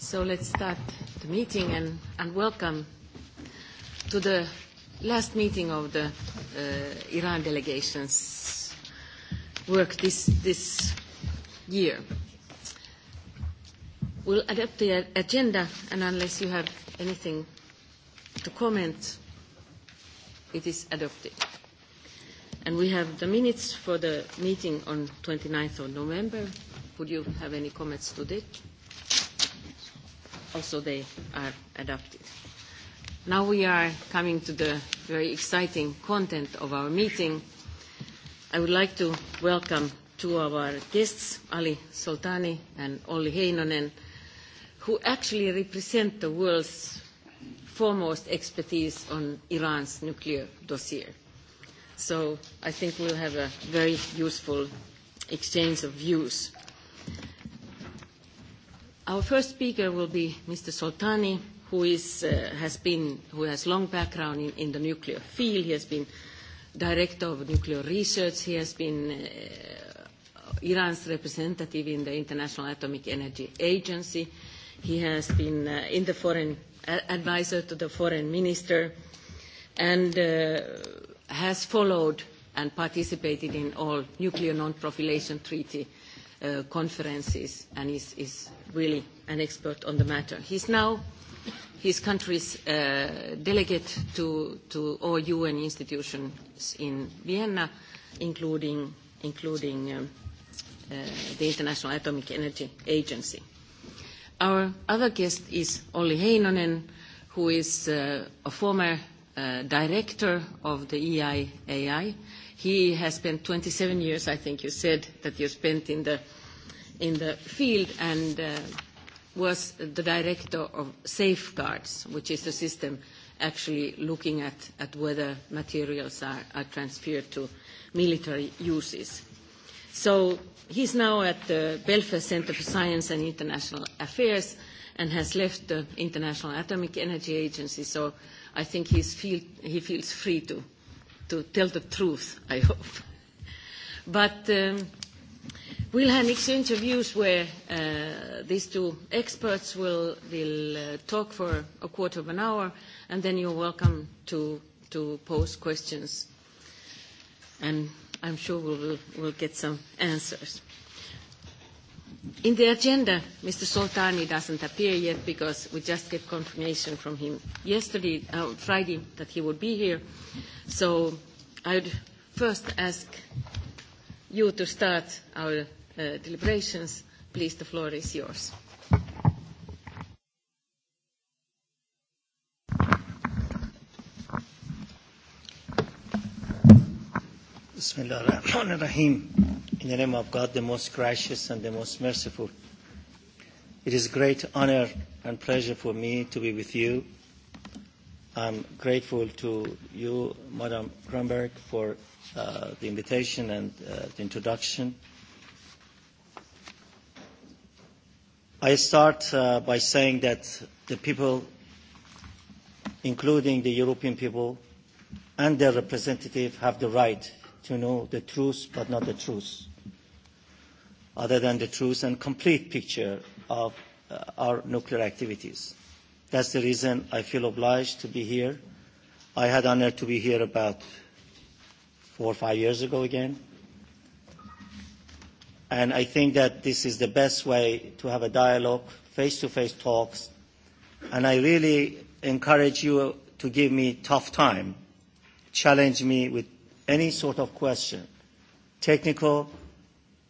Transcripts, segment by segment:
So let's start the meeting and welcome to the last meeting of the Iran delegation's work this year. We'll adopt the agenda and unless you have anything to comment, it is adopted. And we have the minutes for the meeting on 29th of November. Would you have any comments to that? also they are adopted. Now we are coming to the very exciting content of our meeting. I would like to welcome two of our guests, Ali Soltani and Olli Heinonen, who actually represent the world's foremost expertise on Iran's nuclear dossier. So I think we'll have a very useful exchange of views. Our first speaker will be Mr. Soltani, who has been, who has long background in the nuclear field. He has been director of nuclear research. He has been Iran's representative in the International Atomic Energy Agency. He has been in the foreign advisor to the foreign minister, and has followed and participated in all nuclear non-proliferation treaty conferences and is really an expert on the matter. He is now his country's delegate to all UN institutions in Vienna, including the International Atomic Energy Agency. Our other guest is Olli Heinonen, who is a former director of the EIAI He has spent 27 years, I think you said, that you spent in the field and was the director of safeguards, which is the system actually looking at whether materials are transferred to military uses. So he's now at the Belfast Centre for Science and International Affairs and has left the International Atomic Energy Agency, so I think he feels free to to tell the truth, I hope. But we'll have exchange of views where these two experts will talk for a quarter of an hour, and then you're welcome to to pose questions. And I'm sure we will get some answers. In the agenda, Mr. Soltani doesn't appear yet because we just get confirmation from him yesterday, Friday, that he would be here. So I would first ask you to start our deliberations. Please, the floor is yours. In the name of God, the most gracious and the most merciful. It is a great honor and pleasure for me to be with you. I'm grateful to you, Madam Grunberg, for the invitation and the introduction. I start by saying that the people, including the European people and their representative have the right to know the truth but not the truth, other than the truth and complete picture of our nuclear activities. That's the reason I feel obliged to be here. I had honor to be here about four or five years ago again. And I think that this is the best way to have a dialogue, face-to-face talks. And I really encourage you to give me tough time, challenge me with any sort of question, technical,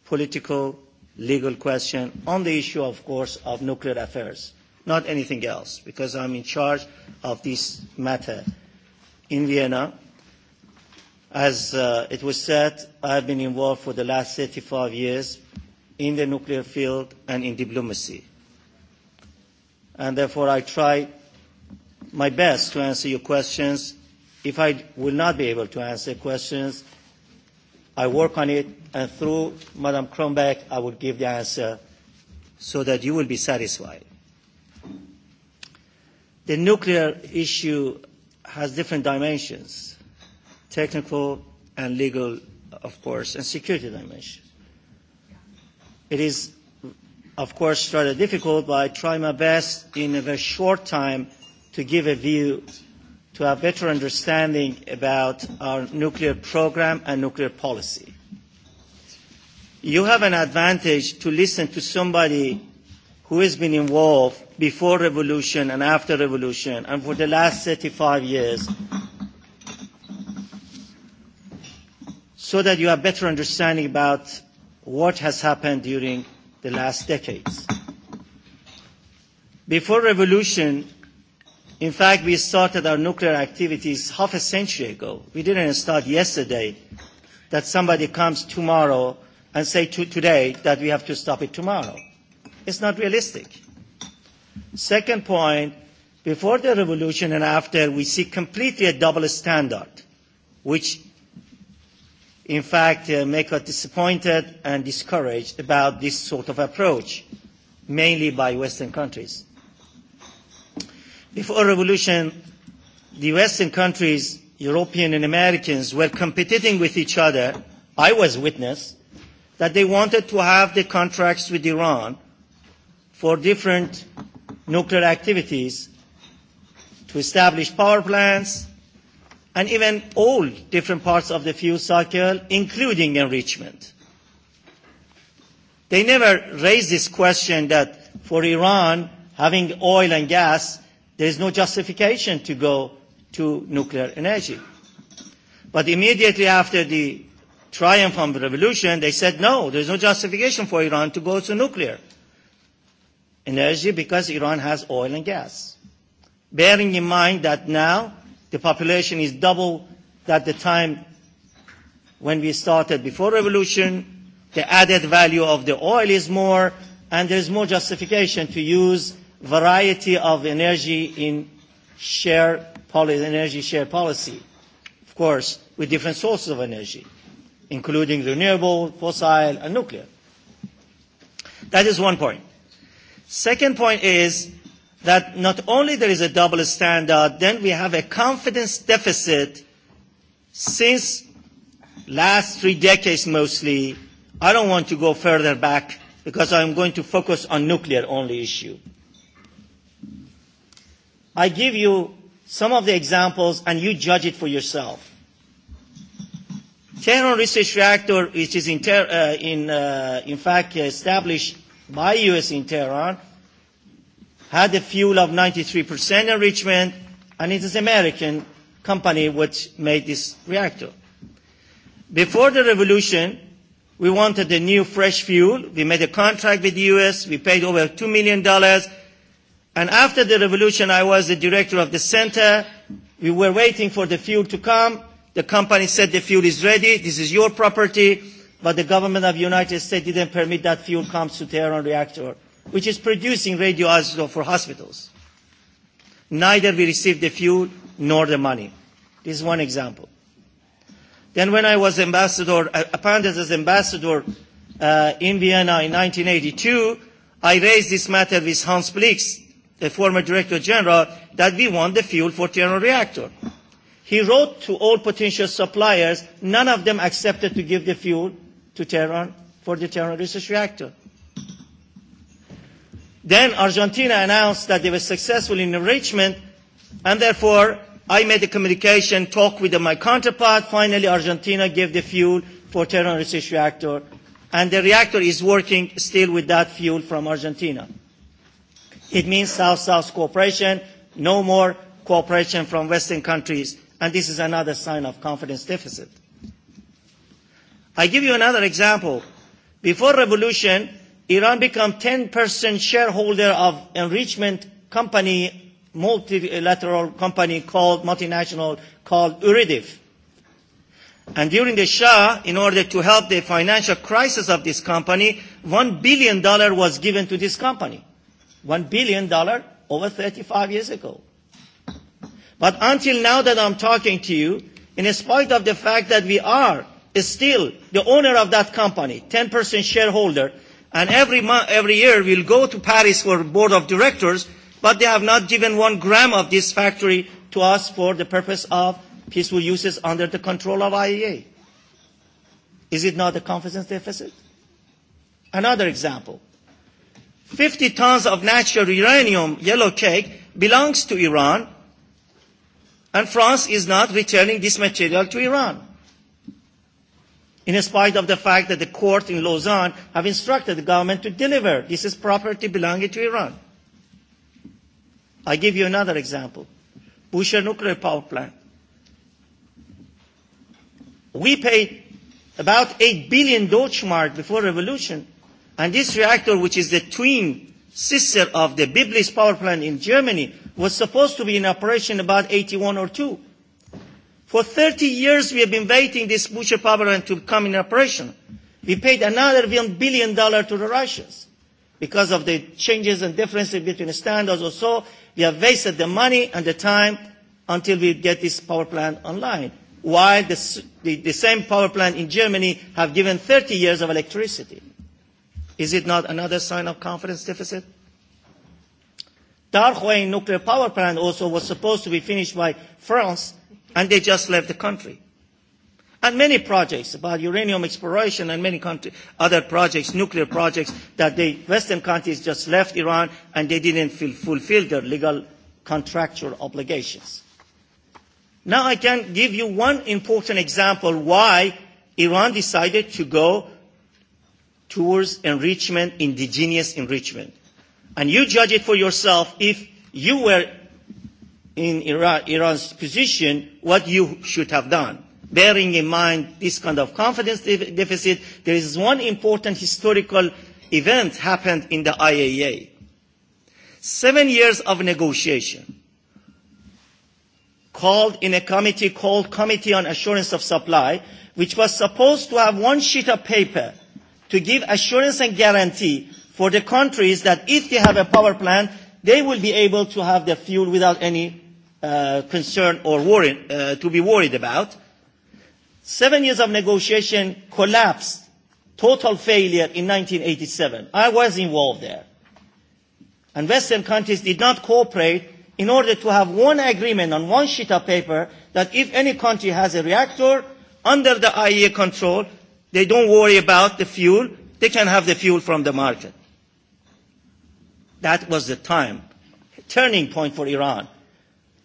political, legal question, on the issue, of course, of nuclear affairs, not anything else, because I'm in charge of this matter in Vienna. As it was said, I have been involved for the last 35 years in the nuclear field and in diplomacy. And therefore, I try my best to answer your questions if I will not be able to answer questions, I work on it, and through Madam Kronbeck, I will give the answer so that you will be satisfied. The nuclear issue has different dimensions, technical and legal, of course, and security dimensions. It is, of course, rather difficult, but I try my best in a very short time to give a view to have better understanding about our nuclear program and nuclear policy. You have an advantage to listen to somebody who has been involved before revolution and after revolution and for the last 35 years so that you have better understanding about what has happened during the last decades. Before revolution, In fact, we started our nuclear activities half a century ago. We didn't start yesterday that somebody comes tomorrow and say today that we have to stop it tomorrow. It's not realistic. Second point, before the revolution and after, we see completely a double standard, which in fact make us disappointed and discouraged about this sort of approach, mainly by Western countries. Before revolution, the Western countries, European and Americans, were competing with each other. I was witness that they wanted to have the contracts with Iran for different nuclear activities to establish power plants and even all different parts of the fuel cycle, including enrichment. They never raised this question that for Iran, having oil and gas There is no justification to go to nuclear energy. But immediately after the triumph of the revolution, they said, no, there is no justification for Iran to go to nuclear energy because Iran has oil and gas. Bearing in mind that now the population is double that the time when we started before revolution, the added value of the oil is more, and there is more justification to use variety of energy in share energy share policy, of course, with different sources of energy, including renewable, fossil, and nuclear. That is one point. Second point is that not only there is a double standard, then we have a confidence deficit since last three decades mostly. I don't want to go further back because I'm going to focus on nuclear only issue. I give you some of the examples and you judge it for yourself. Tehran Research Reactor, which is in, in, in fact established by U.S. in Tehran, had a fuel of 93% enrichment, and it is American company which made this reactor. Before the revolution, we wanted a new fresh fuel. We made a contract with the U.S. We paid over $2 million dollars. And after the revolution, I was the director of the center. We were waiting for the fuel to come. The company said the fuel is ready. This is your property. But the government of the United States didn't permit that fuel comes to Tehran reactor, which is producing radioisotope for hospitals. Neither we received the fuel nor the money. This is one example. Then when I was ambassador, appointed as ambassador in Vienna in 1982, I raised this matter with Hans Blix, the former Director General, that we want the fuel for Tehran reactor. He wrote to all potential suppliers. None of them accepted to give the fuel to Tehran for the Tehran research reactor. Then Argentina announced that they were successful in enrichment, and therefore I made a communication talk with my counterpart. Finally, Argentina gave the fuel for Tehran research reactor, and the reactor is working still with that fuel from Argentina. It means South-South cooperation, no more cooperation from Western countries, and this is another sign of confidence deficit. I give you another example. Before revolution, Iran became 10% shareholder of enrichment company, multilateral company called, multinational called Uridiv. And during the Shah, in order to help the financial crisis of this company, $1 billion was given to this company one billion dollar over 35 years ago. But until now that I'm talking to you, in spite of the fact that we are still the owner of that company, 10% shareholder, and every, month, every year we'll go to Paris for board of directors, but they have not given one gram of this factory to us for the purpose of peaceful uses under the control of IEA. Is it not a confidence deficit? Another example. 50 tons of natural uranium yellow cake belongs to Iran, and France is not returning this material to Iran. In spite of the fact that the court in Lausanne have instructed the government to deliver, this is property belonging to Iran. I give you another example. Bushehr nuclear power plant. We paid about 8 billion Deutschmark before revolution And this reactor, which is the twin sister of the Biblis power plant in Germany, was supposed to be in operation about 81 or 2. For 30 years, we have been waiting this Butcher power plant to come in operation. We paid another $1 billion to the Russians because of the changes and differences between standards or so. We have wasted the money and the time until we get this power plant online. While the, the, the same power plant in Germany have given 30 years of electricity. Is it not another sign of confidence deficit? Darhuay nuclear power plant also was supposed to be finished by France, and they just left the country. And many projects about uranium exploration and many other projects, nuclear projects, that the Western countries just left Iran and they didn't fulfill their legal contractual obligations. Now I can give you one important example why Iran decided to go towards enrichment, indigenous enrichment. And you judge it for yourself if you were in Iran's position, what you should have done. Bearing in mind this kind of confidence deficit, there is one important historical event happened in the IAEA. Seven years of negotiation, called in a committee called Committee on Assurance of Supply, which was supposed to have one sheet of paper to give assurance and guarantee for the countries that if they have a power plant, they will be able to have the fuel without any concern or worry, to be worried about. Seven years of negotiation collapsed, total failure in 1987. I was involved there. And Western countries did not cooperate in order to have one agreement on one sheet of paper that if any country has a reactor under the IEA control, They don't worry about the fuel. They can have the fuel from the market. That was the time, turning point for Iran,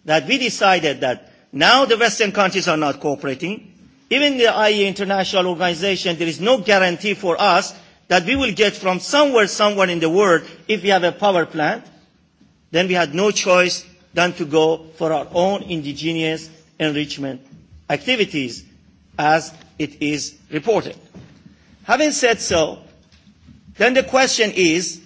that we decided that now the Western countries are not cooperating. Even the IEA international organization, there is no guarantee for us that we will get from somewhere, somewhere in the world, if we have a power plant, then we had no choice than to go for our own indigenous enrichment activities as it is reported. Having said so, then the question is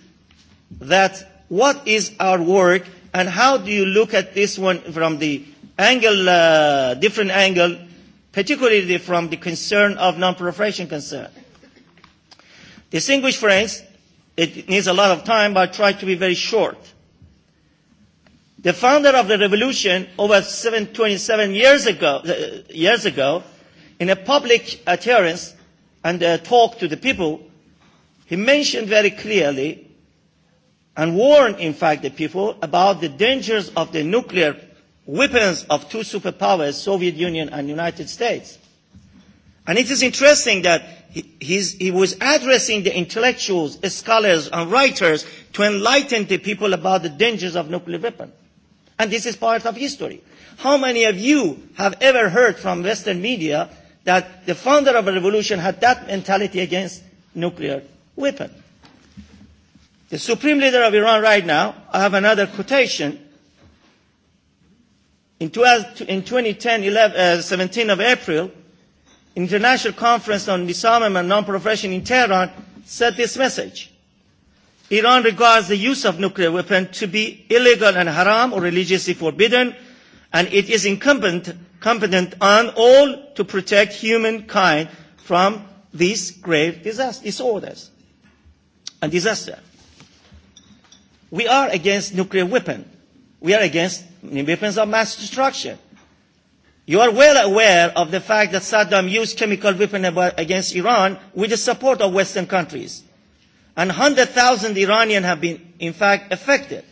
that what is our work and how do you look at this one from the angle, different angle, particularly from the concern of non-proliferation concern. Distinguished friends, it needs a lot of time, but I try to be very short. The founder of the revolution over 27 years ago, years ago in a public appearance and a talk to the people, he mentioned very clearly and warned, in fact, the people about the dangers of the nuclear weapons of two superpowers, Soviet Union and United States. And it is interesting that he was addressing the intellectuals, scholars, and writers to enlighten the people about the dangers of nuclear weapons. And this is part of history. How many of you have ever heard from Western media that the founder of a revolution had that mentality against nuclear weapon. The supreme leader of Iran right now, I have another quotation. In 2010, 17 of April, International Conference on Disarmament and Non Profession in Tehran said this message. Iran regards the use of nuclear weapons to be illegal and haram or religiously forbidden and it is incumbent competent on all to protect humankind from these grave disorders and disaster. We are against nuclear weapons. We are against weapons of mass destruction. You are well aware of the fact that Saddam used chemical weapons against Iran with the support of Western countries. And 100,000 Iranians have been, in fact, affected.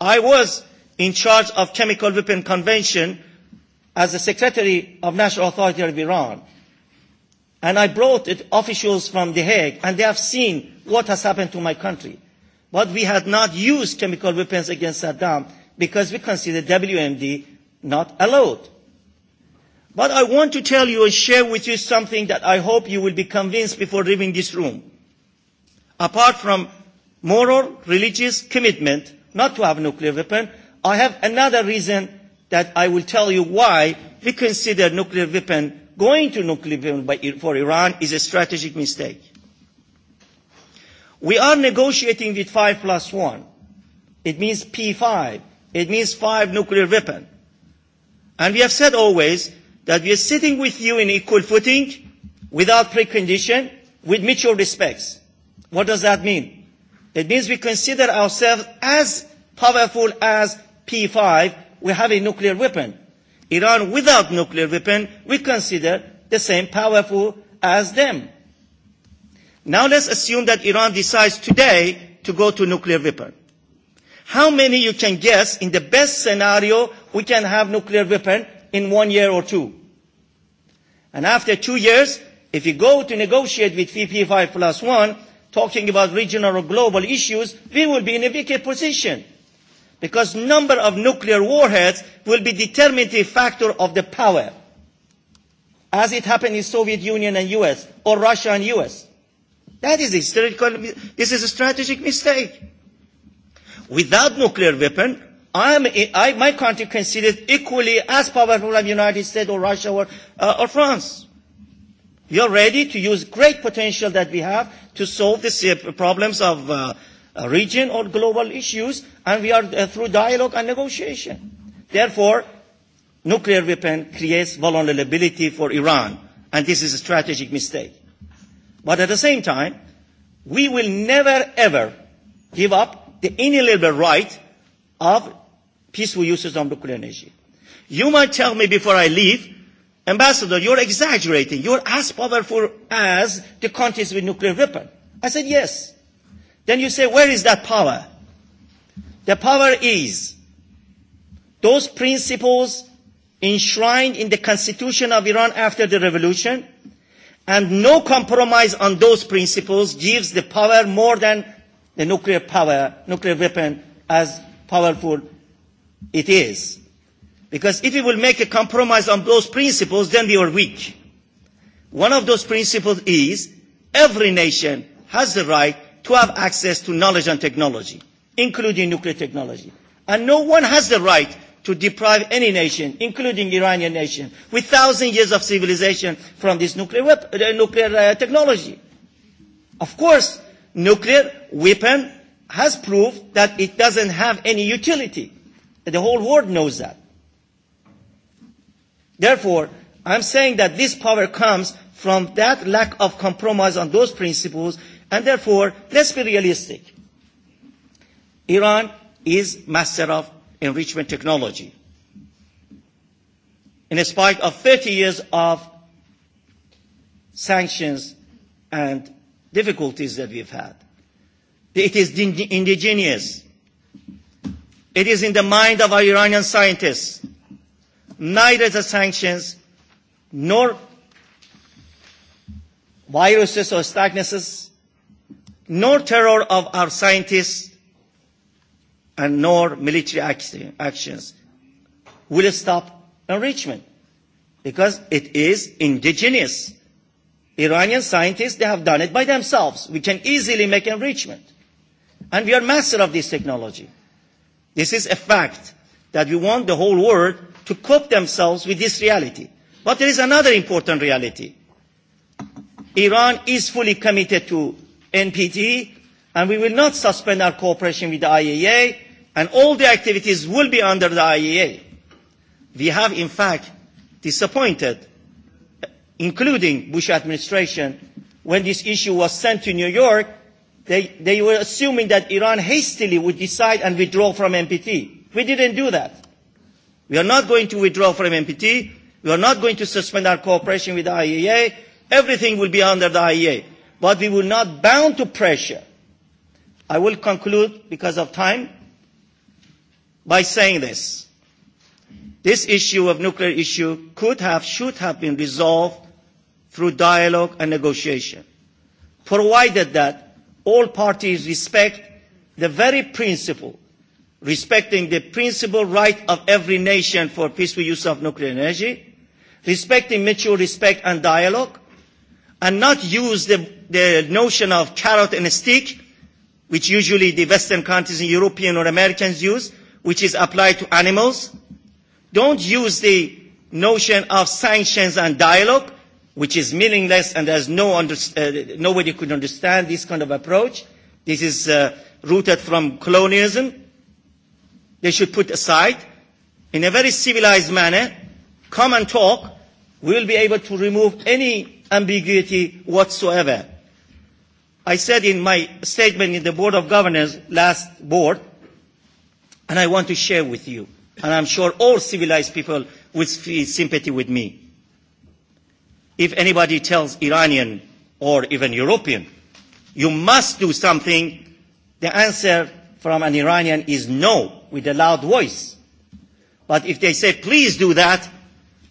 I was in charge of chemical weapon convention as the secretary of national authority of iran and i brought it officials from the hague and they have seen what has happened to my country but we had not used chemical weapons against saddam because we consider wmd not allowed but i want to tell you and share with you something that i hope you will be convinced before leaving this room apart from moral religious commitment not to have nuclear weapons. I have another reason that I will tell you why we consider nuclear weapon, going to nuclear weapon for Iran is a strategic mistake. We are negotiating with 5 plus One, It means P5. It means five nuclear weapon. And we have said always that we are sitting with you in equal footing, without precondition, with mutual respects. What does that mean? It means we consider ourselves as powerful as P5, we have a nuclear weapon. Iran without nuclear weapon, we consider the same powerful as them. Now let's assume that Iran decides today to go to nuclear weapon. How many you can guess in the best scenario we can have nuclear weapon in one year or two? And after two years, if you go to negotiate with VP5 plus one, talking about regional or global issues, we will be in a weaker position because number of nuclear warheads will be determinative factor of the power, as it happened in Soviet Union and US, or Russia and US. That is a this is a strategic mistake. Without nuclear weapon, I, my country considered equally as powerful as the United States or Russia or, or France. We are ready to use great potential that we have to solve the problems of region or global issues, and we are through dialogue and negotiation. Therefore, nuclear weapon creates vulnerability for Iran, and this is a strategic mistake. But at the same time, we will never ever give up the inalienable right of peaceful uses of nuclear energy. You might tell me before I leave, Ambassador, you're exaggerating. You're as powerful as the countries with nuclear weapon. I said yes. Then you say, where is that power? The power is those principles enshrined in the constitution of Iran after the revolution and no compromise on those principles gives the power more than the nuclear power, nuclear weapon as powerful it is. Because if we will make a compromise on those principles, then we are weak. One of those principles is every nation has the right to have access to knowledge and technology, including nuclear technology. And no one has the right to deprive any nation, including Iranian nation, with thousand years of civilization from this nuclear nuclear technology. Of course, nuclear weapon has proved that it doesn't have any utility. The whole world knows that. Therefore, I'm saying that this power comes from that lack of compromise on those principles And therefore, let's be realistic. Iran is master of enrichment technology. In spite of 30 years of sanctions and difficulties that we've had, it is indigenous. It is in the mind of our Iranian scientists. Neither the sanctions nor viruses or stagnances nor terror of our scientists and nor military actions will stop enrichment because it is indigenous. Iranian scientists, they have done it by themselves. We can easily make enrichment. And we are master of this technology. This is a fact that we want the whole world to cope themselves with this reality. But there is another important reality. Iran is fully committed to NPT, and we will not suspend our cooperation with the IAEA, and all the activities will be under the IAEA. We have, in fact, disappointed, including Bush administration, when this issue was sent to New York, they they were assuming that Iran hastily would decide and withdraw from NPT. We didn't do that. We are not going to withdraw from NPT. We are not going to suspend our cooperation with the IAEA. Everything will be under the IAEA but we were not bound to pressure. I will conclude because of time by saying this. This issue of nuclear issue could have, should have been resolved through dialogue and negotiation, provided that all parties respect the very principle, respecting the principal right of every nation for peaceful use of nuclear energy, respecting mutual respect and dialogue, and not use the, notion of carrot and stick, which usually the Western countries and European or Americans use, which is applied to animals. Don't use the notion of sanctions and dialogue, which is meaningless and there's no nobody could understand this kind of approach. This is rooted from colonialism. They should put aside in a very civilized manner, come and talk. we'll will be able to remove any ambiguity whatsoever. I said in my statement in the Board of Governors last board, and I want to share with you, and I'm sure all civilized people will feel sympathy with me. If anybody tells Iranian or even European, you must do something, the answer from an Iranian is no, with a loud voice. But if they say, please do that,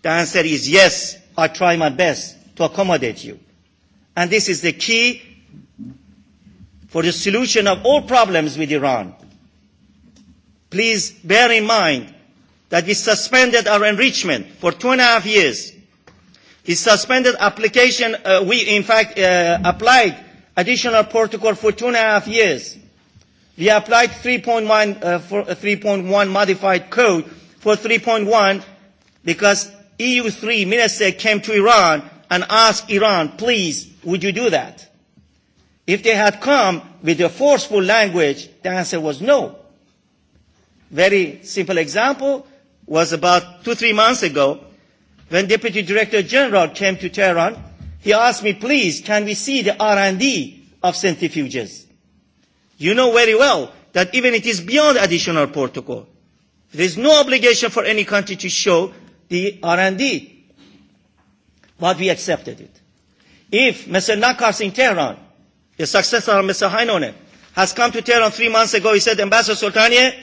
the answer is yes, I try my best to accommodate you. And this is the key for the solution of all problems with Iran. Please bear in mind that we suspended our enrichment for two and a half years. We suspended application, we in fact applied additional protocol for two and a half years. We applied 3.1 modified code for 3.1 because EU3 minister came to Iran and ask Iran, please, would you do that? If they had come with a forceful language, the answer was no. Very simple example was about two, three months ago when Deputy Director General came to Tehran. He asked me, please, can we see the R&D of centrifuges? You know very well that even it is beyond additional protocol. There is no obligation for any country to show the R&D but we accepted it. If Mr. Nakars in Tehran, the successor of Mr. Hainonen, has come to Tehran three months ago, he said, Ambassador Sultanieh,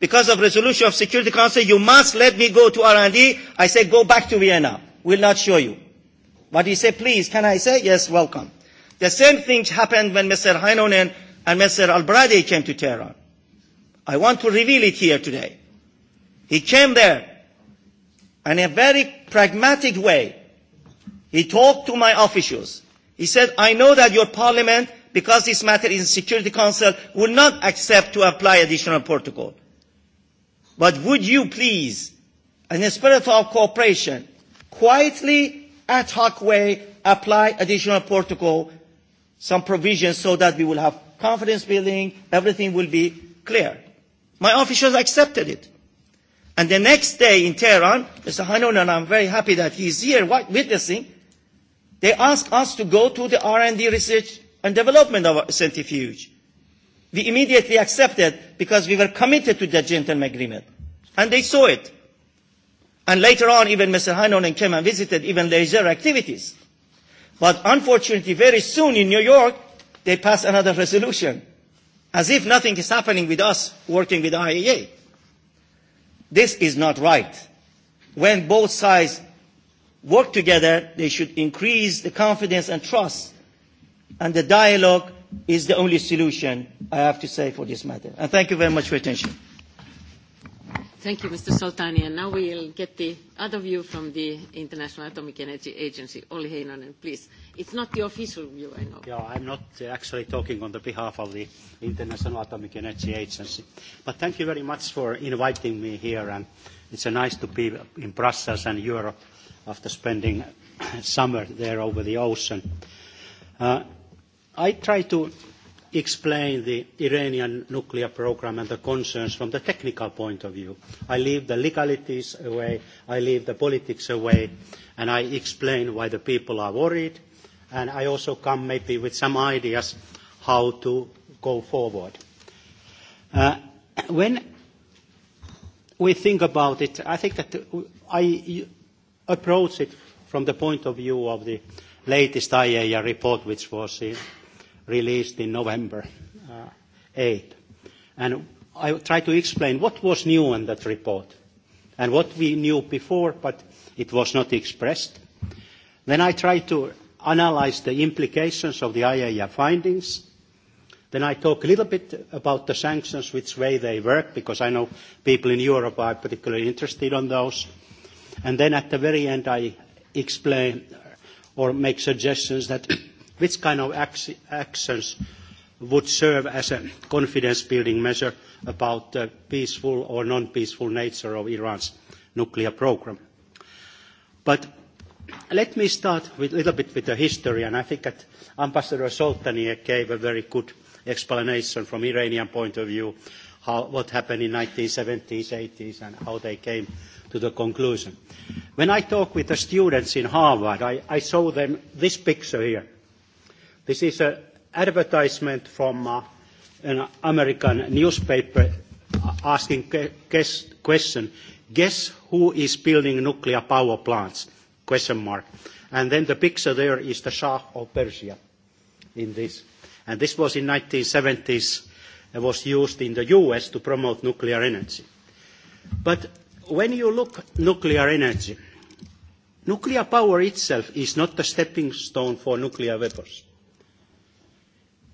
because of resolution of Security Council, you must let me go to R&D. I said, go back to Vienna. We'll not show you. But he said, please, can I say? Yes, welcome. The same thing happened when Mr. Hainonen and Mr. Albrade came to Tehran. I want to reveal it here today. He came there in a very pragmatic way He talked to my officials. He said, I know that your parliament, because this matter is in Security Council, would not accept to apply additional protocol. But would you please, in the spirit of cooperation, quietly, ad hoc way, apply additional protocol, some provisions so that we will have confidence building, everything will be clear. My officials accepted it. And the next day in Tehran, Mr. Hanoun, and I'm very happy that he's here witnessing, They asked us to go to the R&D research and development of centrifuge. We immediately accepted because we were committed to the gentleman agreement. And they saw it. And later on, even Mr. Heinonen came and visited even laser activities. But unfortunately, very soon in New York, they passed another resolution, as if nothing is happening with us working with IAEA. This is not right. When both sides work together, they should increase the confidence and trust. And the dialogue is the only solution, I have to say, for this matter. And thank you very much for your attention. Thank you, Mr. Soltani. And now we will get the other view from the International Atomic Energy Agency, Olli Heinonen, please. It's not the official view, I know. Yeah, I'm not actually talking on the behalf of the International Atomic Energy Agency. But thank you very much for inviting me here. And it's nice to be in Brussels and Europe after spending summer there over the ocean. I try to explain the Iranian nuclear program and the concerns from the technical point of view. I leave the legalities away, I leave the politics away, and I explain why the people are worried, and I also come maybe with some ideas how to go forward. When we think about it, I think that I approach it from the point of view of the latest IAEA report, which was released in November 8. And I try to explain what was new in that report and what we knew before, but it was not expressed. Then I try to analyze the implications of the IAEA findings. Then I talk a little bit about the sanctions, which way they work, because I know people in Europe are particularly interested in those. And then at the very end I explain or make suggestions that which kind of actions would serve as a confidence building measure about the peaceful or non peaceful nature of Iran's nuclear program. But let me start with a little bit with the history, and I think that Ambassador Soltanier gave a very good explanation from Iranian point of view, how what happened in 1970s, 80s, and how they came to the conclusion. When I talk with the students in Harvard, I show them this picture here. This is an advertisement from an American newspaper asking question, guess who is building nuclear power plants? Question mark. And then the picture there is the Shah of Persia in this. And this was in 1970s and was used in the U.S. to promote nuclear energy. But when you look at nuclear energy, nuclear power itself is not a stepping stone for nuclear weapons.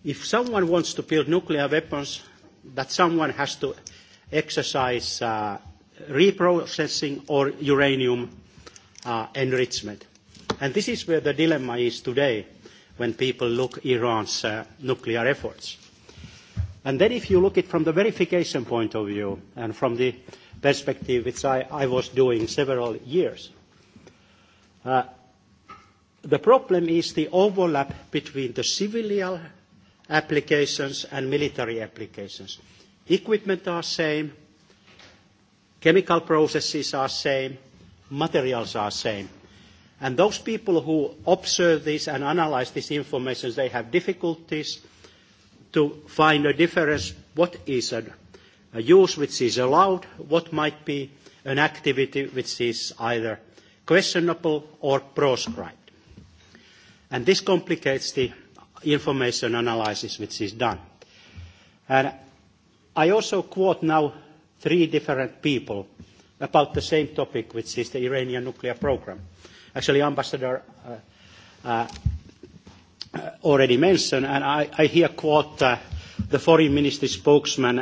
If someone wants to build nuclear weapons, that someone has to exercise reprocessing or uranium enrichment. And this is where the dilemma is today when people look at Iran's nuclear efforts. And then if you look at it from the verification point of view and from the perspective which I, was doing several years, the problem is the overlap between the civilian applications and military applications. Equipment are same, chemical processes are same, materials are same. And those people who observe this and analyze this information, they have difficulties to find a difference what is a use which is allowed, what might be an activity which is either questionable or proscribed. And this complicates the information analysis which is done. And I also quote now three different people about the same topic, which is the Iranian nuclear program. Actually, Ambassador already mentioned, and I here quote the Foreign Ministry spokesman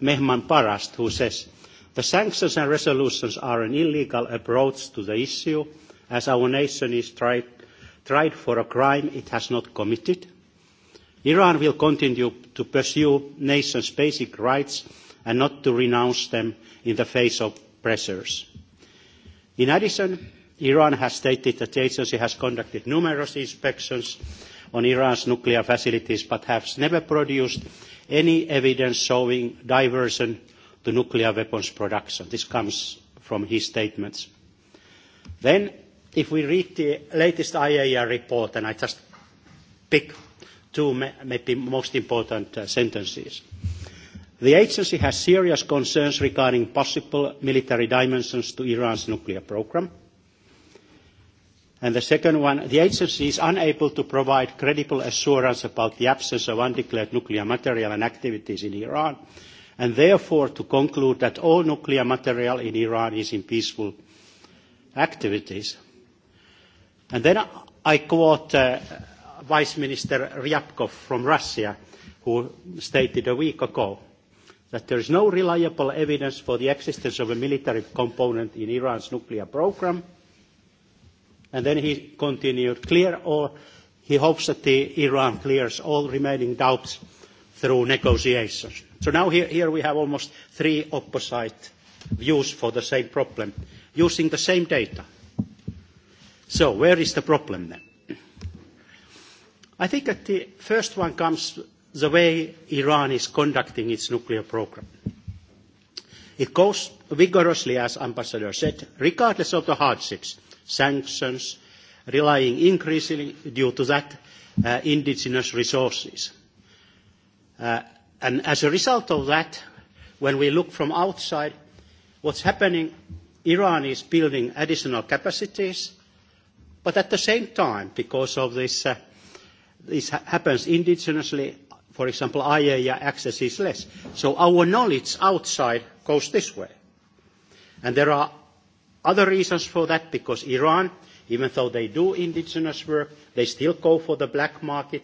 Mehman Parast, who says, "The sanctions and resolutions are an illegal approach to the issue, as our nation is tried for a crime it has not committed. Iran will continue to pursue nations' basic rights and not to renounce them in the face of pressures. In addition, Iran has stated that the agency has conducted numerous inspections on Iran's nuclear facilities but has never produced any evidence showing diversion to nuclear weapons production. This comes from his statements. Then, if we read the latest IAEA report, and I just pick two maybe most important sentences. The agency has serious concerns regarding possible military dimensions to Iran's nuclear programme the second one, the agency is unable to provide credible assurance about the absence of undeclared nuclear material and activities in Iran, and therefore to conclude that all nuclear material in Iran is in peaceful activities. And then I quote Vice Minister Ryabkov from Russia, who stated a week ago that there is no reliable evidence for the existence of a military component in Iran's nuclear program And then he continued, clear or he hopes that Iran clears all remaining doubts through negotiations. So now here we have almost three opposite views for the same problem, using the same data. So where is the problem then? I think that the first one comes the way Iran is conducting its nuclear program. It goes vigorously, as Ambassador said, regardless of the hardships sanctions, relying increasingly due to that indigenous resources. And as a result of that, when we look from outside, what's happening, Iran is building additional capacities, but at the same time, because of this, this happens indigenously, for example, IAEA access is less. So our knowledge outside goes this way. And there are Other reasons for that, because Iran, even though they do indigenous work, they still go for the black market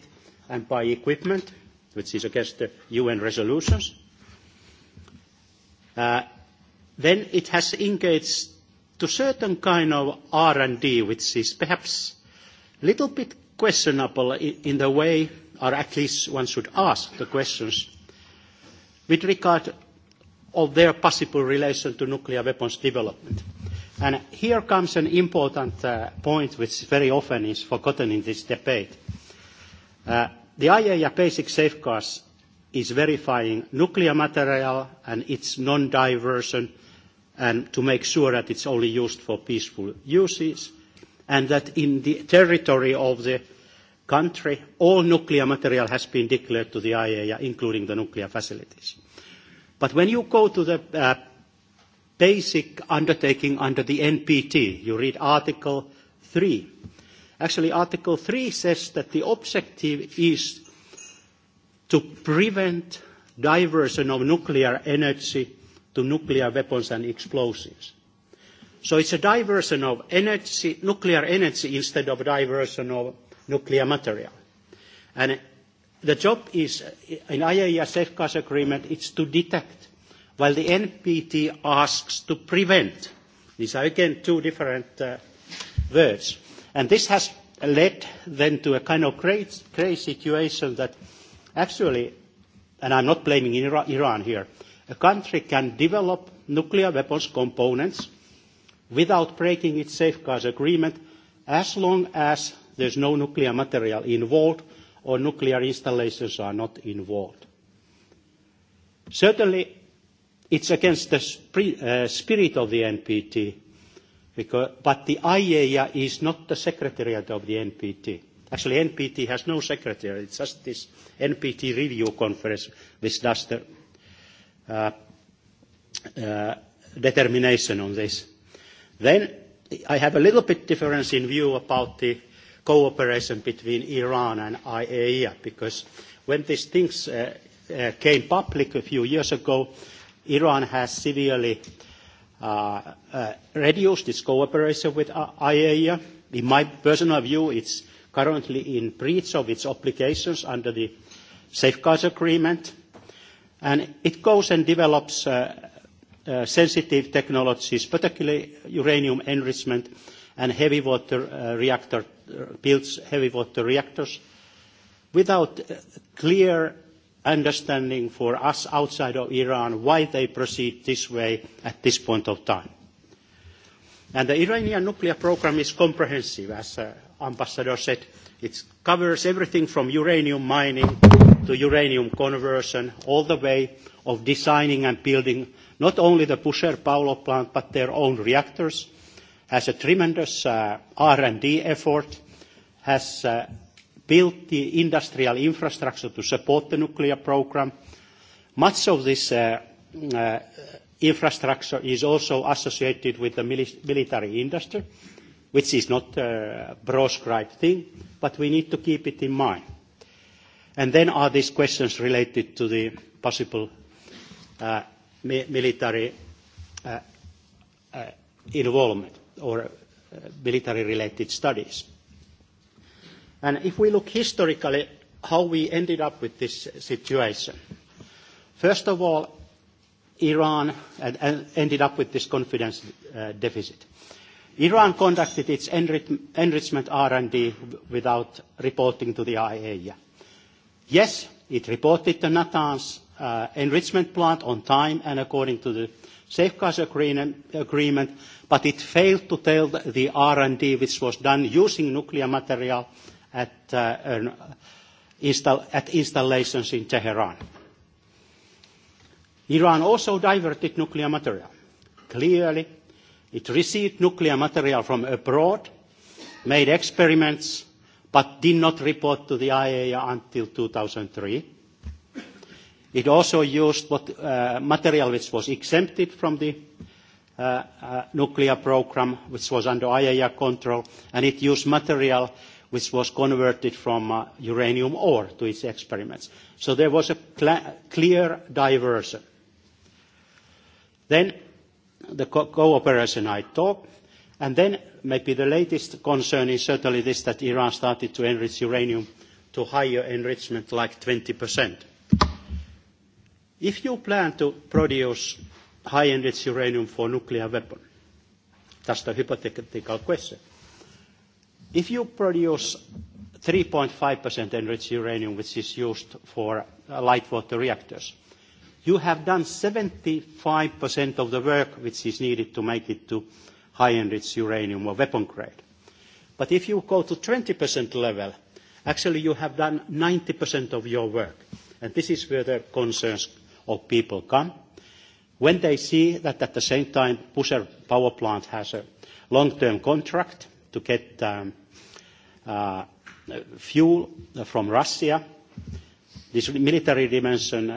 and buy equipment, which is against the UN resolutions. Then it has engaged to certain kind of D, which is perhaps a little bit questionable in the way, or at least one should ask the questions, with regard of their possible relation to nuclear weapons development. And here comes an important point which very often is forgotten in this debate. The IAEA basic safeguards is verifying nuclear material and its non-diversion and to make sure that it's only used for peaceful uses and that in the territory of the country all nuclear material has been declared to the IAEA including the nuclear facilities. But when you go to the basic undertaking under the NPT. You read Article 3. Actually, Article 3 says that the objective is to prevent diversion of nuclear energy to nuclear weapons and explosives. So it's a diversion of energy, nuclear energy instead of diversion of nuclear material. And the job is, in IAEA safeguards agreement, it's to detect while the NPT asks to prevent. These are again two different words. And this has led then to a kind of crazy situation that actually, and I'm not blaming Iran here, a country can develop nuclear weapons components without breaking its safeguards agreement as long as there's no nuclear material involved or nuclear installations are not involved. Certainly It's against the spirit of the NPT, but the IAEA is not the secretariat of the NPT. Actually, NPT has no secretariat. It's just this NPT review conference which does the determination on this. Then I have a little bit difference in view about the cooperation between Iran and IAEA, because when these things came public a few years ago, Iran has severely reduced its cooperation with IAEA. In my personal view, it's currently in breach of its obligations under the Safeguards Agreement, and it goes and develops sensitive technologies, particularly uranium enrichment and heavy water reactor builds heavy water reactors without clear understanding for us outside of Iran why they proceed this way at this point of time. And the Iranian nuclear program is comprehensive, as Ambassador said. It covers everything from uranium mining to uranium conversion, all the way of designing and building not only the Bushehr power plant, but their own reactors, has a tremendous R&D effort, has built the industrial infrastructure to support the nuclear program. Much of this infrastructure is also associated with the military industry, which is not a proscribed thing, but we need to keep it in mind. And then are these questions related to the possible military involvement or military-related studies? And if we look historically how we ended up with this situation, first of all, Iran ended up with this confidence deficit. Iran conducted its enrichment R&D without reporting to the IAEA. Yes, it reported the Natanz enrichment plant on time and according to the safeguards agreement, but it failed to tell the R&D which was done using nuclear material at installations in Tehran. Iran also diverted nuclear material. Clearly, it received nuclear material from abroad, made experiments, but did not report to the IAEA until 2003. It also used material which was exempted from the nuclear program, which was under IAEA control, and it used material which was converted from uranium ore to its experiments. So there was a clear diversion. Then the cooperation I talked, and then maybe the latest concern is certainly this that Iran started to enrich uranium to higher enrichment like 20%. If you plan to produce high enriched uranium for nuclear weapon, that's the hypothetical question If you produce 3.5% enriched uranium, which is used for light water reactors, you have done 75% of the work which is needed to make it to high enriched uranium or weapon grade. But if you go to 20% level, actually you have done 90% of your work. And this is where the concerns of people come. When they see that at the same time Pusher power plant has a long-term contract to get fuel from Russia. these military dimension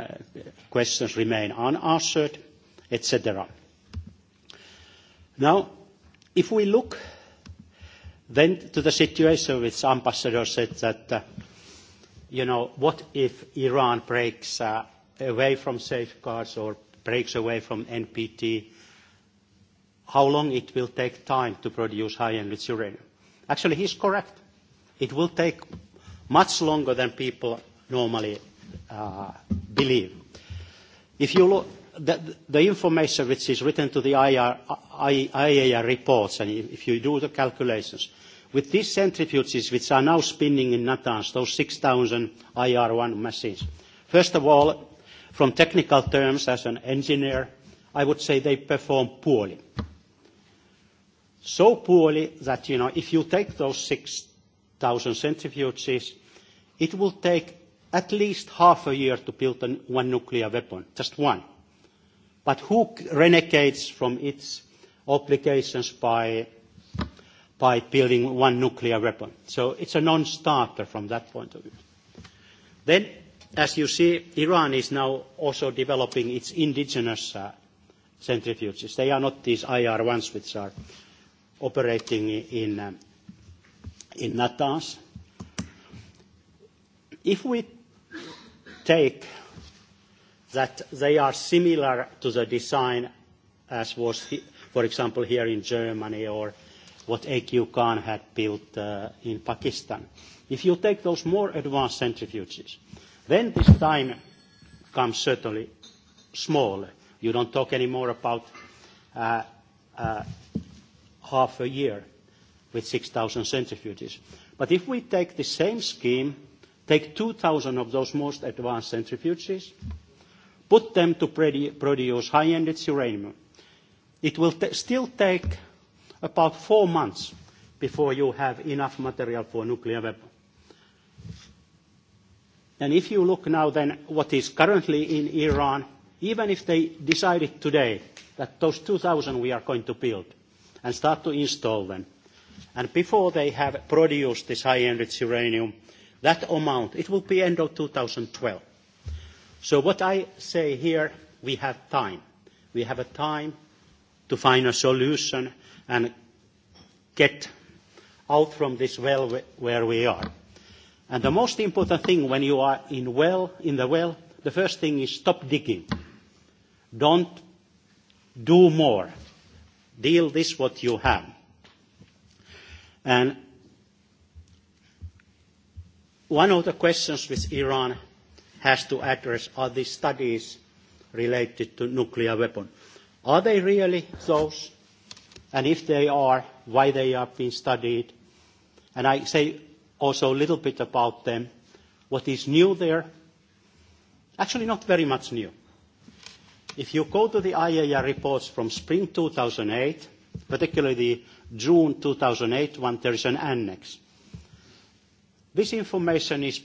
questions remain unanswered, etc. Now, if we look then to the situation which Ambassador said that, you know, what if Iran breaks away from safeguards or breaks away from NPT, how long it will take time to produce high-enriched uranium. Actually, he is correct. It will take much longer than people normally believe. If you look, the information which is written to the IAR reports, and if you do the calculations, with these centrifuges which are now spinning in Natanz, those 6,000 IR1 machines, first of all, from technical terms, as an engineer, I would say they perform poorly. So poorly that, you know, if you take those 6,000, centrifuges, it will take at least half a year to build one nuclear weapon, just one. But who renegades from its obligations by building one nuclear weapon? So it's a non-starter from that point of view. Then, as you see, Iran is now also developing its indigenous centrifuges. They are not these IR-1s which are operating in in Natanz. If we take that they are similar to the design as was, for example, here in Germany or what AQ Khan had built in Pakistan. If you take those more advanced centrifuges, then this time comes certainly smaller. You don't talk anymore about half a year with 6,000 centrifuges. But if we take the same scheme, take 2,000 of those most advanced centrifuges, put them to produce high-ended uranium, it will still take about four months before you have enough material for a nuclear weapon. And if you look now then what is currently in Iran, even if they decided today that those 2,000 we are going to build and start to install them, and before they have produced this high enriched uranium, that amount, it will be end of 2012. So what I say here, we have time. We have a time to find a solution and get out from this well where we are. And the most important thing when you are in well, in the well, the first thing is stop digging. Don't do more. Deal this what you have And one of the questions which Iran has to address are these studies related to nuclear weapon. Are they really those? And if they are, why they are being studied? And I say also a little bit about them. What is new there? Actually, not very much new. If you go to the IAEA reports from spring 2008, particularly the June 2008, when there is an annex. This information is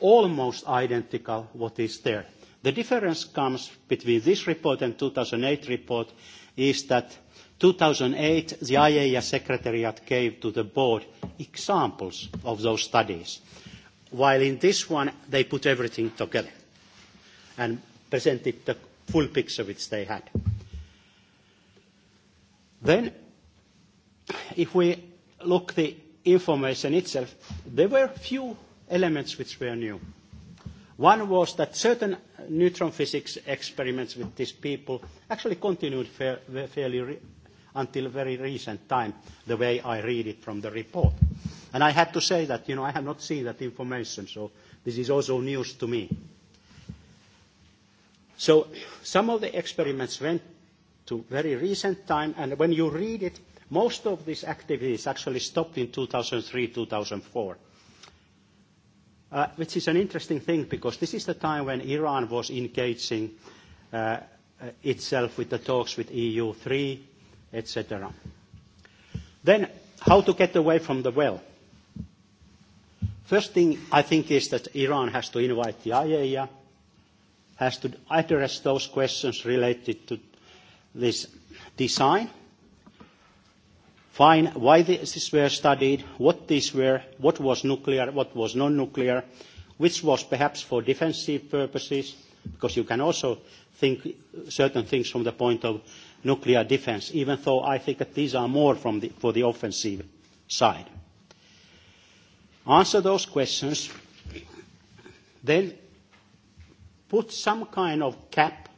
almost identical what is there. The difference comes between this report and 2008 report is that 2008 the IAEA Secretariat gave to the board examples of those studies, while in this one they put everything together and presented the full picture which they had. Then if we look at the information itself, there were few elements which were new. One was that certain neutron physics experiments with these people actually continued fairly until very recent time, the way I read it from the report. And I had to say that, you know, I have not seen that information, so this is also news to me. So some of the experiments went to very recent time, and when you read it, Most of these activities actually stopped in 2003-2004, which is an interesting thing because this is the time when Iran was engaging itself with the talks with EU3, etc. Then, how to get away from the well? First thing I think is that Iran has to invite the IAEA, has to address those questions related to this design, find why these were studied, what these were, what was nuclear, what was non-nuclear, which was perhaps for defensive purposes, because you can also think certain things from the point of nuclear defence, even though I think that these are more from the, for the offensive side. Answer those questions, then put some kind of cap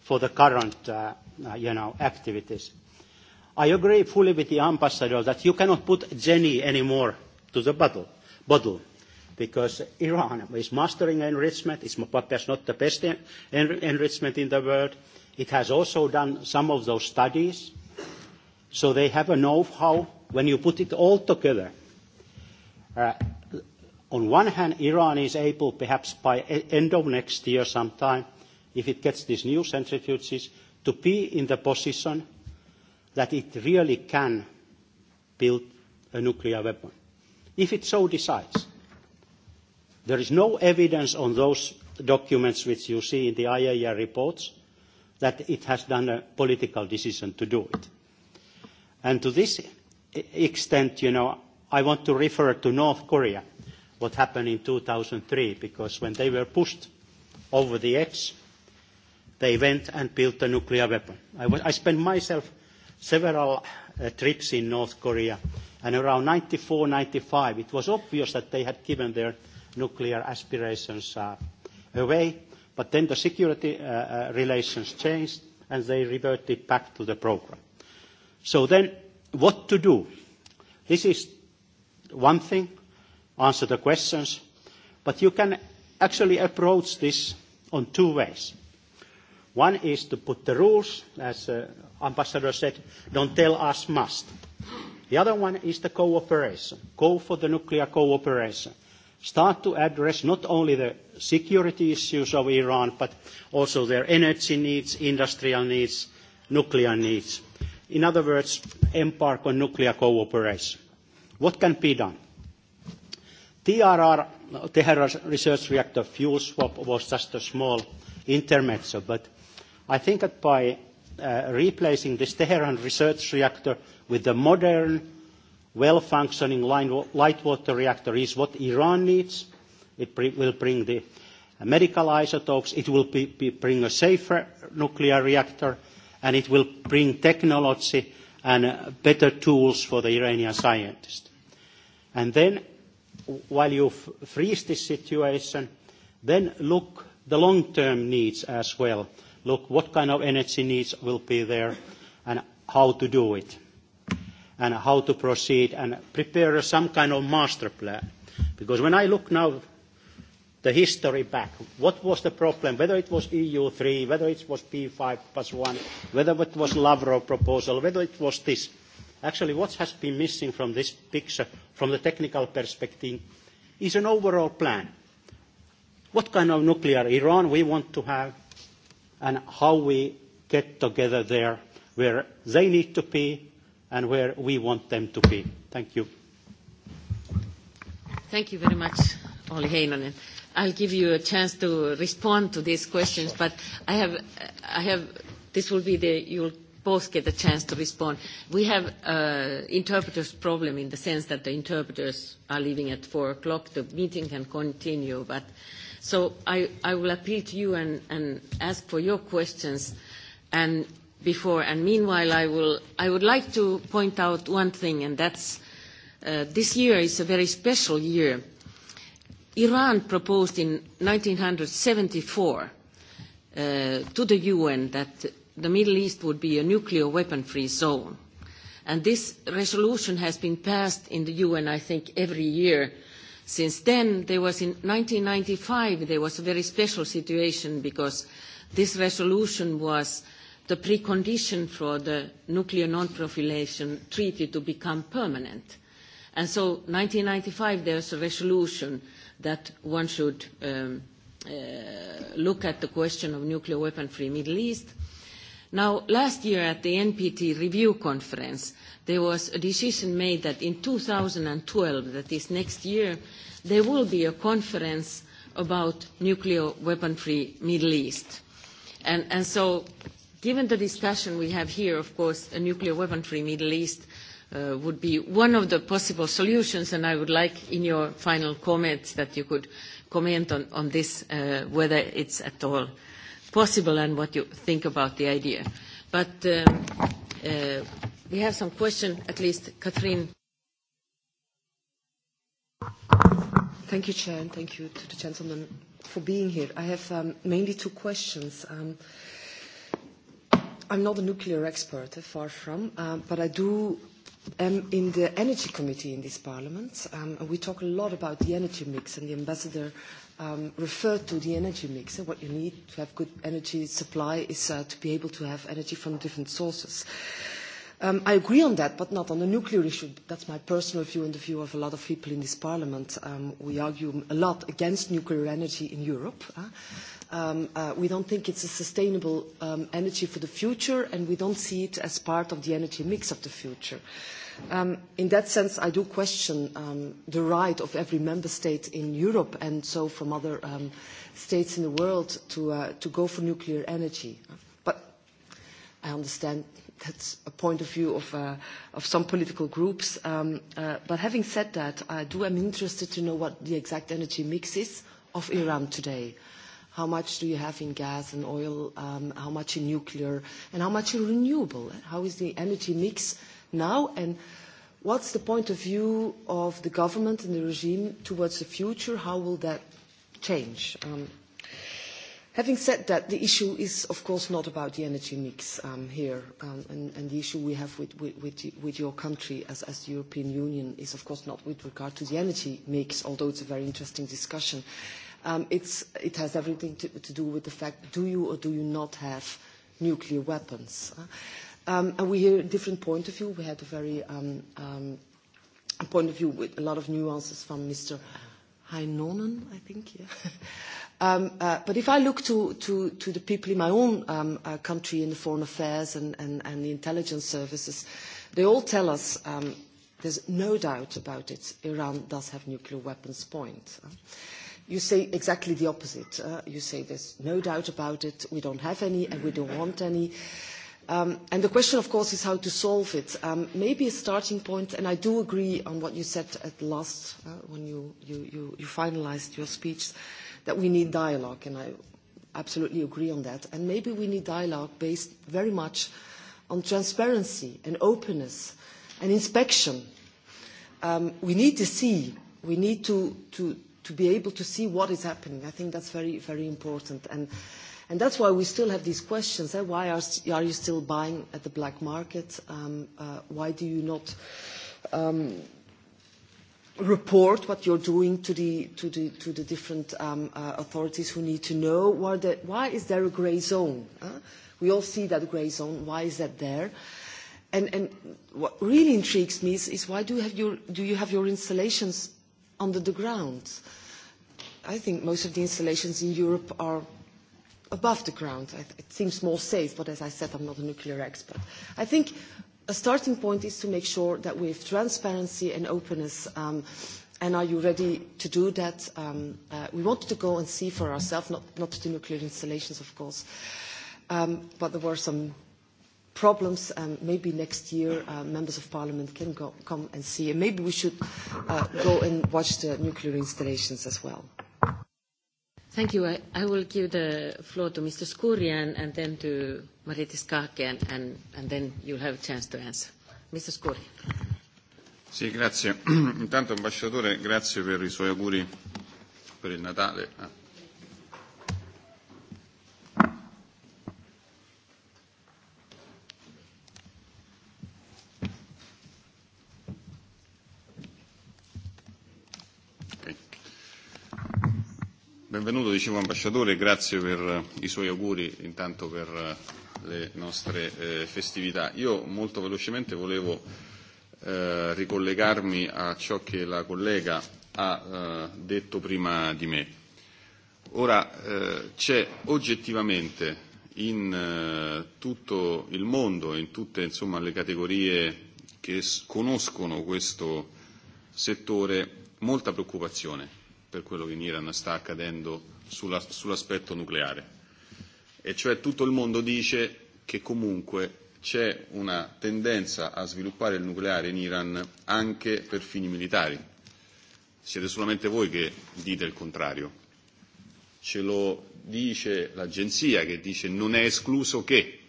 for the current, you know, activities I agree fully with the ambassador that you cannot put Jenny anymore to the bottle, because Iran is mastering enrichment. It's perhaps not the best enrichment in the world. It has also done some of those studies, so they have a know-how when you put it all together. On one hand, Iran is able, perhaps by end of next year sometime, if it gets these new centrifuges, to be in the position that it really can build a nuclear weapon, if it so decides. There is no evidence on those documents which you see in the IAEA reports that it has done a political decision to do it. And to this extent, you know, I want to refer to North Korea, what happened in 2003, because when they were pushed over the edge, they went and built a nuclear weapon. I spent myself several trips in North Korea, and around ninety 95 it was obvious that they had given their nuclear aspirations away, but then the security relations changed and they reverted back to the program. So then, what to do? This is one thing, answer the questions, but you can actually approach this on two ways. One is to put the rules, as the ambassador said, don't tell us must. The other one is the cooperation. Go for the nuclear cooperation. Start to address not only the security issues of Iran, but also their energy needs, industrial needs, nuclear needs. In other words, embark on nuclear cooperation. What can be done? TRR, Tehran Research Reactor Fuel Swap, was just a small intermezzo, but I think that by replacing this Tehran research reactor with a modern, well-functioning light water reactor is what Iran needs. It will bring the medical isotopes, it will bring a safer nuclear reactor, and it will bring technology and better tools for the Iranian scientists. And then, while you freeze this situation, then look the long-term needs as well look what kind of energy needs will be there and how to do it and how to proceed and prepare some kind of master plan. Because when I look now the history back, what was the problem, whether it was EU3, whether it was P5 plus 1, whether it was Lavrov proposal, whether it was this. Actually, what has been missing from this picture, from the technical perspective, is an overall plan. What kind of nuclear Iran we want to have, and how we get together there where they need to be and where we want them to be. Thank you. Thank you very much, Olli Heinonen. I'll give you a chance to respond to these questions, but I have, I have, this will be the, you'll both get a chance to respond. We have an interpreter's problem in the sense that the interpreters are leaving at 4 o'clock. The meeting can continue, but So I will appeal to you and ask for your questions and before. And meanwhile, I would like to point out one thing, and that's this year is a very special year. Iran proposed in 1974 to the UN that the Middle East would be a nuclear weapon-free zone. And this resolution has been passed in the UN, I think, every year Since then, there was in 1995, there was a very special situation because this resolution was the precondition for the nuclear non-proliferation treaty to become permanent. And so 1995, there was a resolution that one should look at the question of nuclear weapon-free Middle East Now, last year at the NPT review conference, there was a decision made that in 2012, that is next year, there will be a conference about nuclear weapon-free Middle East. And so, given the discussion we have here, of course, a nuclear weapon-free Middle East would be one of the possible solutions, and I would like in your final comments that you could comment on this, whether it's at all possible and what you think about the idea. But we have some question, at least Katrin. Thank you, Chair, and thank you to the gentleman for being here. I have mainly two questions. I'm not a nuclear expert, far from, but I do am in the Energy Committee in this Parliament. And we talk a lot about the energy mix, and the Ambassador referred to the energy mix and what you need to have good energy supply is to be able to have energy from different sources. I agree on that, but not on the nuclear issue. That's my personal view and the view of a lot of people in this parliament. We argue a lot against nuclear energy in Europe. We don't think it's a sustainable energy for the future, and we don't see it as part of the energy mix of the future. In that sense, I do question the right of every member state in Europe and so from other states in the world to go for nuclear energy. But I understand that's a point of view of some political groups. But having said that, I do am interested to know what the exact energy mix is of Iran today. How much do you have in gas and oil? How much in nuclear? And how much in renewable? How is the energy mix? now and what's the point of view of the government and the regime towards the future? How will that change? Having said that, the issue is, of course, not about the energy mix here, and the issue we have with your country as the European Union is, of course, not with regard to the energy mix, although it's a very interesting discussion. It has everything to do with the fact, do you or do you not have nuclear weapons? And we hear a different point of view. We had a very point of view with a lot of nuances from Mr. Heinonen, I think. But if I look to the people in my own country in the foreign affairs and the intelligence services, they all tell us there's no doubt about it, Iran does have nuclear weapons, point. You say exactly the opposite. You say there's no doubt about it, we don't have any and we don't want any. And the question, of course, is how to solve it. Maybe a starting point, and I do agree on what you said at last when you finalized your speech, that we need dialogue, and I absolutely agree on that. And maybe we need dialogue based very much on transparency and openness and inspection. We need to see. We need to be able to see what is happening. I think that's very, very important. And And that's why we still have these questions. Why are you still buying at the black market? Why do you not report what you're doing to the different authorities who need to know? Why is there a grey zone? We all see that grey zone. Why is that there? And what really intrigues me is why do you have your installations under the ground? I think most of the installations in Europe are above the ground. It seems more safe, but as I said, I'm not a nuclear expert. I think a starting point is to make sure that we have transparency and openness. And are you ready to do that? We wanted to go and see for ourselves, not the nuclear installations, of course. But there were some problems. and Maybe next year members of parliament can come and see. And maybe we should go and watch the nuclear installations as well. Thank you. I will give the floor to Mr. Skurian and then to Maritis Kaaken, and then you'll have a chance to answer. Mr. Skurian. Sì, grazie. Intanto, ambasciatore, grazie per i suoi auguri per il Natale Benvenuto, dicevo ambasciatore, grazie per i suoi auguri intanto per le nostre festività. Io molto velocemente volevo ricollegarmi a ciò che la collega ha detto prima di me. Ora c'è oggettivamente in tutto il mondo, in tutte insomma le categorie che conoscono questo settore, molta preoccupazione per quello che in Iran sta accadendo sull'aspetto nucleare. E cioè tutto il mondo dice che comunque c'è una tendenza a sviluppare il nucleare in Iran anche per fini militari. Siete solamente voi che dite il contrario. Ce lo dice l'agenzia che dice non è escluso che,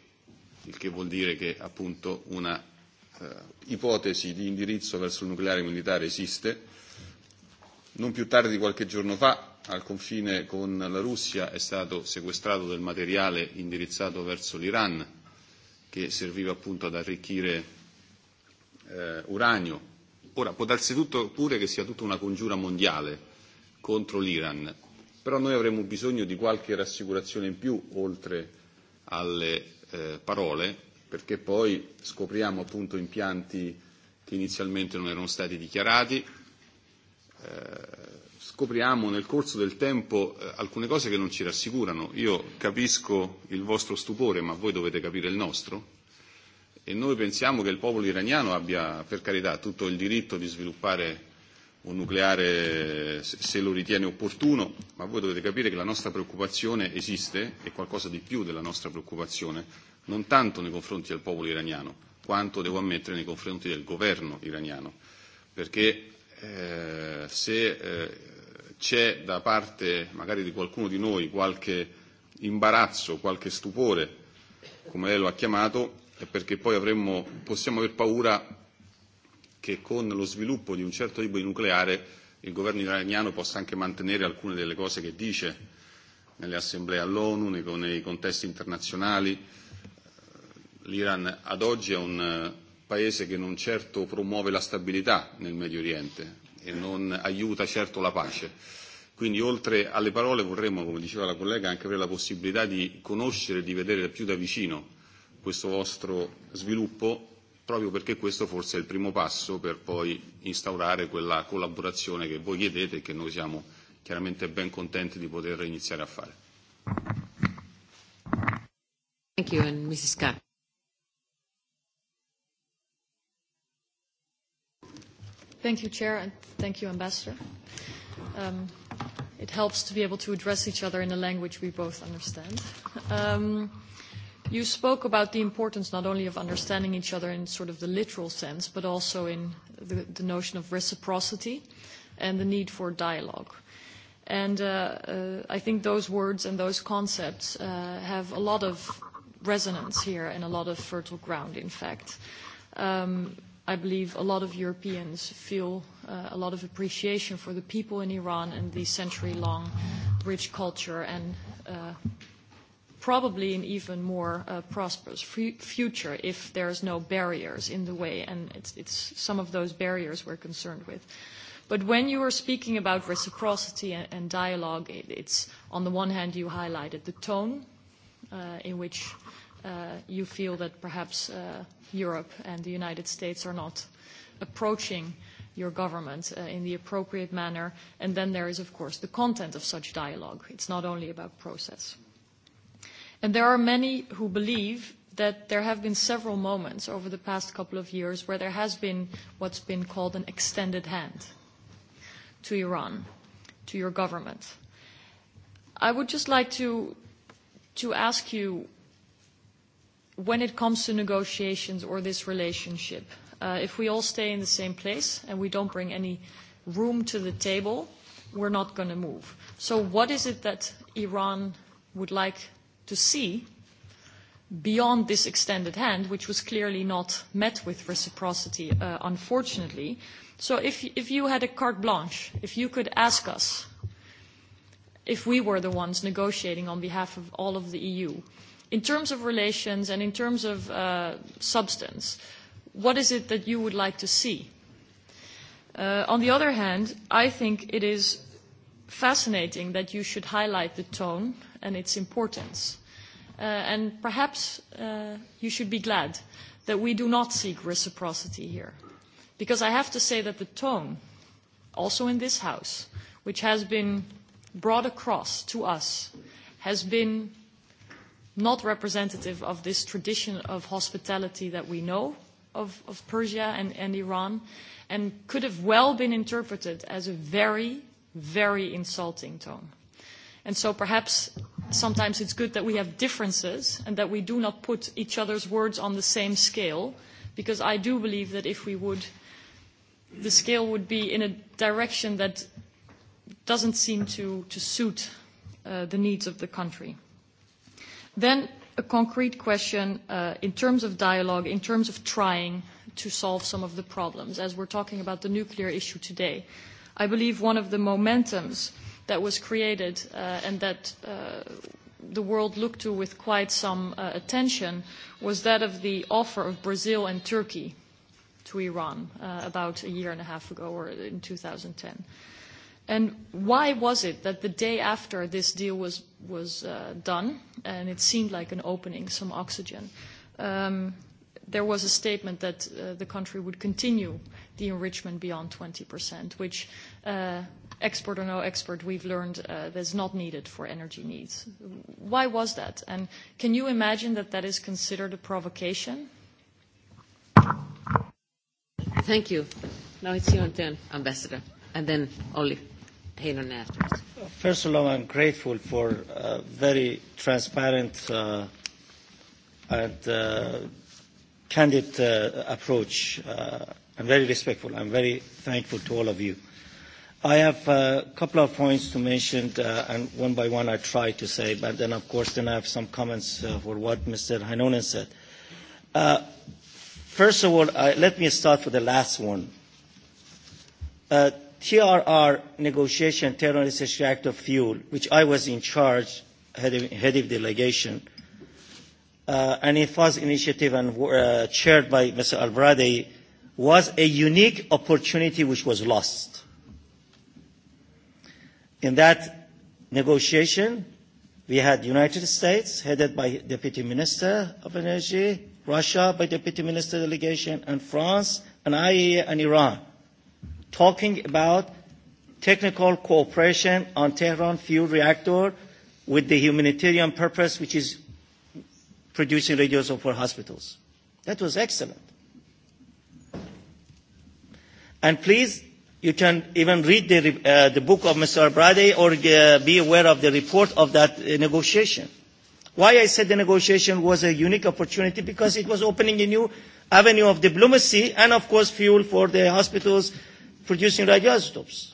il che vuol dire che appunto una ipotesi di indirizzo verso il nucleare militare esiste Non più tardi di qualche giorno fa, al confine con la Russia, è stato sequestrato del materiale indirizzato verso l'Iran, che serviva appunto ad arricchire uranio. Ora, può darsi tutto pure che sia tutta una congiura mondiale contro l'Iran, però noi avremo bisogno di qualche rassicurazione in più, oltre alle parole, perché poi scopriamo appunto impianti che inizialmente non erano stati dichiarati scopriamo nel corso del tempo alcune cose che non ci rassicurano. Io capisco il vostro stupore, ma voi dovete capire il nostro. E noi pensiamo che il popolo iraniano abbia, per carità, tutto il diritto di sviluppare un nucleare se lo ritiene opportuno, ma voi dovete capire che la nostra preoccupazione esiste, e qualcosa di più della nostra preoccupazione, non tanto nei confronti del popolo iraniano, quanto, devo ammettere, nei confronti del governo iraniano. Perché se c'è da parte magari di qualcuno di noi qualche imbarazzo, qualche stupore, come lei lo ha chiamato, è perché poi avremmo, possiamo aver paura che con lo sviluppo di un certo tipo di nucleare il governo iraniano possa anche mantenere alcune delle cose che dice nelle assemblee all'ONU, nei contesti internazionali. L'Iran ad oggi è un paese che non certo promuove la stabilità nel Medio Oriente e non aiuta certo la pace. Quindi oltre alle parole vorremmo, come diceva la collega, anche avere la possibilità di conoscere e di vedere più da vicino questo vostro sviluppo, proprio perché questo forse è il primo passo per poi instaurare quella collaborazione che voi chiedete e che noi siamo chiaramente ben contenti di poter iniziare a fare. Thank you, Thank you, Chair, and thank you, Ambassador. It helps to be able to address each other in a language we both understand. You spoke about the importance not only of understanding each other in sort of the literal sense, but also in the notion of reciprocity and the need for dialogue. And I think those words and those concepts have a lot of resonance here and a lot of fertile ground, in fact. I believe a lot of Europeans feel a lot of appreciation for the people in Iran and the century-long rich culture and probably an even more prosperous future if there's no barriers in the way, and it's some of those barriers we're concerned with. But when you are speaking about reciprocity and dialogue, it's on the one hand you highlighted the tone in which you feel that perhaps Europe and the United States are not approaching your government in the appropriate manner. And then there is, of course, the content of such dialogue. It's not only about process. And there are many who believe that there have been several moments over the past couple of years where there has been what's been called an extended hand to Iran, to your government. I would just like to ask you when it comes to negotiations or this relationship, if we all stay in the same place and we don't bring any room to the table, we're not going to move. So what is it that Iran would like to see beyond this extended hand, which was clearly not met with reciprocity, unfortunately? So if you had a carte blanche, if you could ask us, if we were the ones negotiating on behalf of all of the EU, in terms of relations and in terms of substance, what is it that you would like to see? On the other hand, I think it is fascinating that you should highlight the tone and its importance. And perhaps you should be glad that we do not seek reciprocity here. Because I have to say that the tone, also in this House, which has been brought across to us, has been not representative of this tradition of hospitality that we know of Persia and Iran, and could have well been interpreted as a very, very insulting tone. And so perhaps sometimes it's good that we have differences and that we do not put each other's words on the same scale, because I do believe that if we would, the scale would be in a direction that doesn't seem to suit the needs of the country. Then a concrete question in terms of dialogue, in terms of trying to solve some of the problems, as we're talking about the nuclear issue today. I believe one of the momentums that was created and that the world looked to with quite some attention was that of the offer of Brazil and Turkey to Iran about a year and a half ago or in 2010. And why was it that the day after this deal was was done, and it seemed like an opening, some oxygen, there was a statement that the country would continue the enrichment beyond 20%, which, expert or no expert, we've learned that's not needed for energy needs. Why was that? And can you imagine that that is considered a provocation? Thank you. Now it's your turn, Ambassador, and then Oli. Mr. President, First of all, I'm grateful for a very transparent and candid approach. I'm very respectful. I'm very thankful to all of you. I have a couple of points to mention, and one by one I try to say, but then, of course, then I have some comments for what Mr. Heinonen said. First of all, let me start with the last one. TRR negotiation terrorist of fuel, which I was in charge, head of delegation, and it was initiative and chaired by Mr. Alvarade, was a unique opportunity which was lost. In that negotiation, we had United States, headed by Deputy Minister of Energy, Russia by Deputy Minister Delegation, and France, and IAEA, and Iran talking about technical cooperation on Tehran fuel reactor with the humanitarian purpose, which is producing radios for hospitals. That was excellent. And please, you can even read the, book of Mr. Brady or be aware of the report of that negotiation. Why I said the negotiation was a unique opportunity because it was opening a new avenue of diplomacy and of course fuel for the hospitals producing radioisotopes.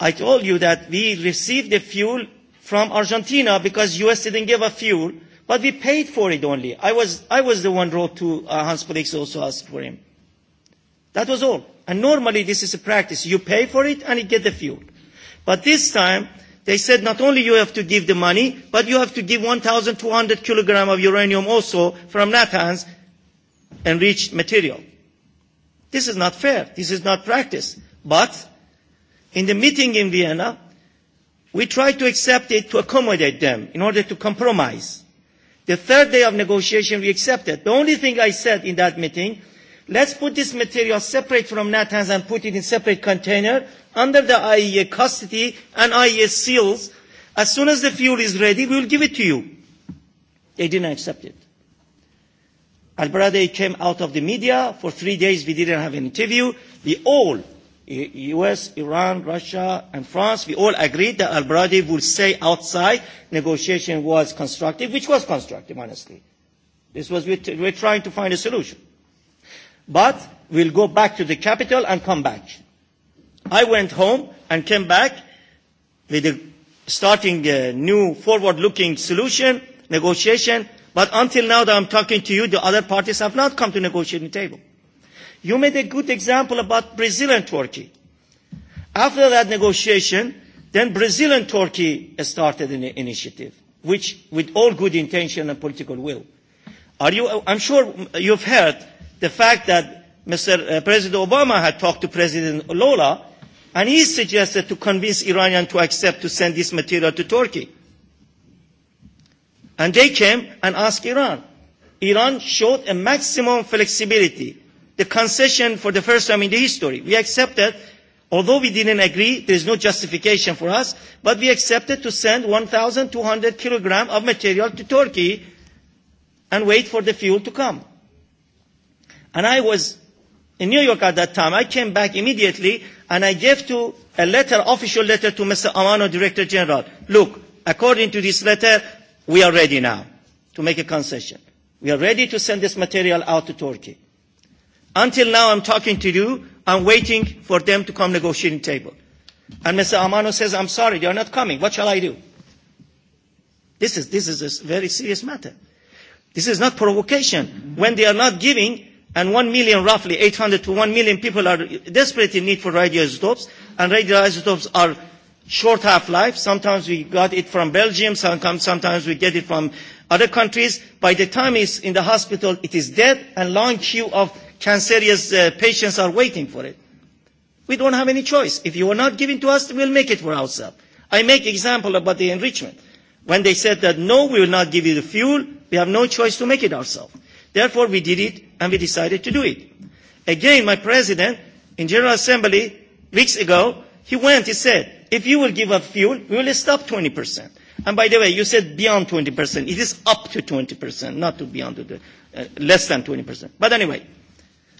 I told you that we received the fuel from Argentina because U.S. didn't give a fuel, but we paid for it only. I was, I was the one who wrote to Hans Polix also asked for him. That was all. And normally this is a practice. You pay for it and you get the fuel. But this time they said not only you have to give the money, but you have to give 1,200 kilograms of uranium also from Natanz enriched material. This is not fair. This is not practice. But in the meeting in Vienna, we tried to accept it to accommodate them in order to compromise. The third day of negotiation, we accepted. The only thing I said in that meeting, let's put this material separate from Natanz and put it in separate container under the IEA custody and IEA seals. As soon as the fuel is ready, we will give it to you. They didn't accept it. Al-Baradei came out of the media. For three days we didn't have an interview. We all, US, Iran, Russia, and France, we all agreed that Al-Baradei would say outside negotiation was constructive, which was constructive, honestly. This was, we're trying to find a solution. But we'll go back to the capital and come back. I went home and came back with starting a new forward-looking solution, negotiation, But until now that I'm talking to you, the other parties have not come to the negotiating table. You made a good example about Brazil and Turkey. After that negotiation, then Brazil and Turkey started an initiative, which with all good intention and political will. Are you, I'm sure you've heard the fact that Mr. President Obama had talked to President Lola, and he suggested to convince Iranian to accept to send this material to Turkey. And they came and asked Iran. Iran showed a maximum flexibility. The concession for the first time in the history. We accepted, although we didn't agree, there is no justification for us, but we accepted to send 1,200 kilograms of material to Turkey and wait for the fuel to come. And I was in New York at that time. I came back immediately and I gave to a letter, official letter to Mr. Amano, Director General. Look, according to this letter, we are ready now to make a concession. We are ready to send this material out to Turkey. Until now, I'm talking to you. I'm waiting for them to come negotiating table. And Mr. Amano says, I'm sorry, they are not coming. What shall I do? This is, this is a very serious matter. This is not provocation. When they are not giving, and one million, roughly 800 to one million people are desperately in need for radioisotopes, and radioisotopes are short half-life. Sometimes we got it from Belgium, sometimes we get it from other countries. By the time it's in the hospital, it is dead, and long queue of cancerous patients are waiting for it. We don't have any choice. If you are not giving to us, we'll make it for ourselves. I make example about the enrichment. When they said that, no, we will not give you the fuel, we have no choice to make it ourselves. Therefore, we did it, and we decided to do it. Again, my president, in General Assembly, weeks ago, he went, he said, If you will give up fuel, we will stop 20%. And by the way, you said beyond 20%. It is up to 20%, not to beyond uh less than 20%. But anyway,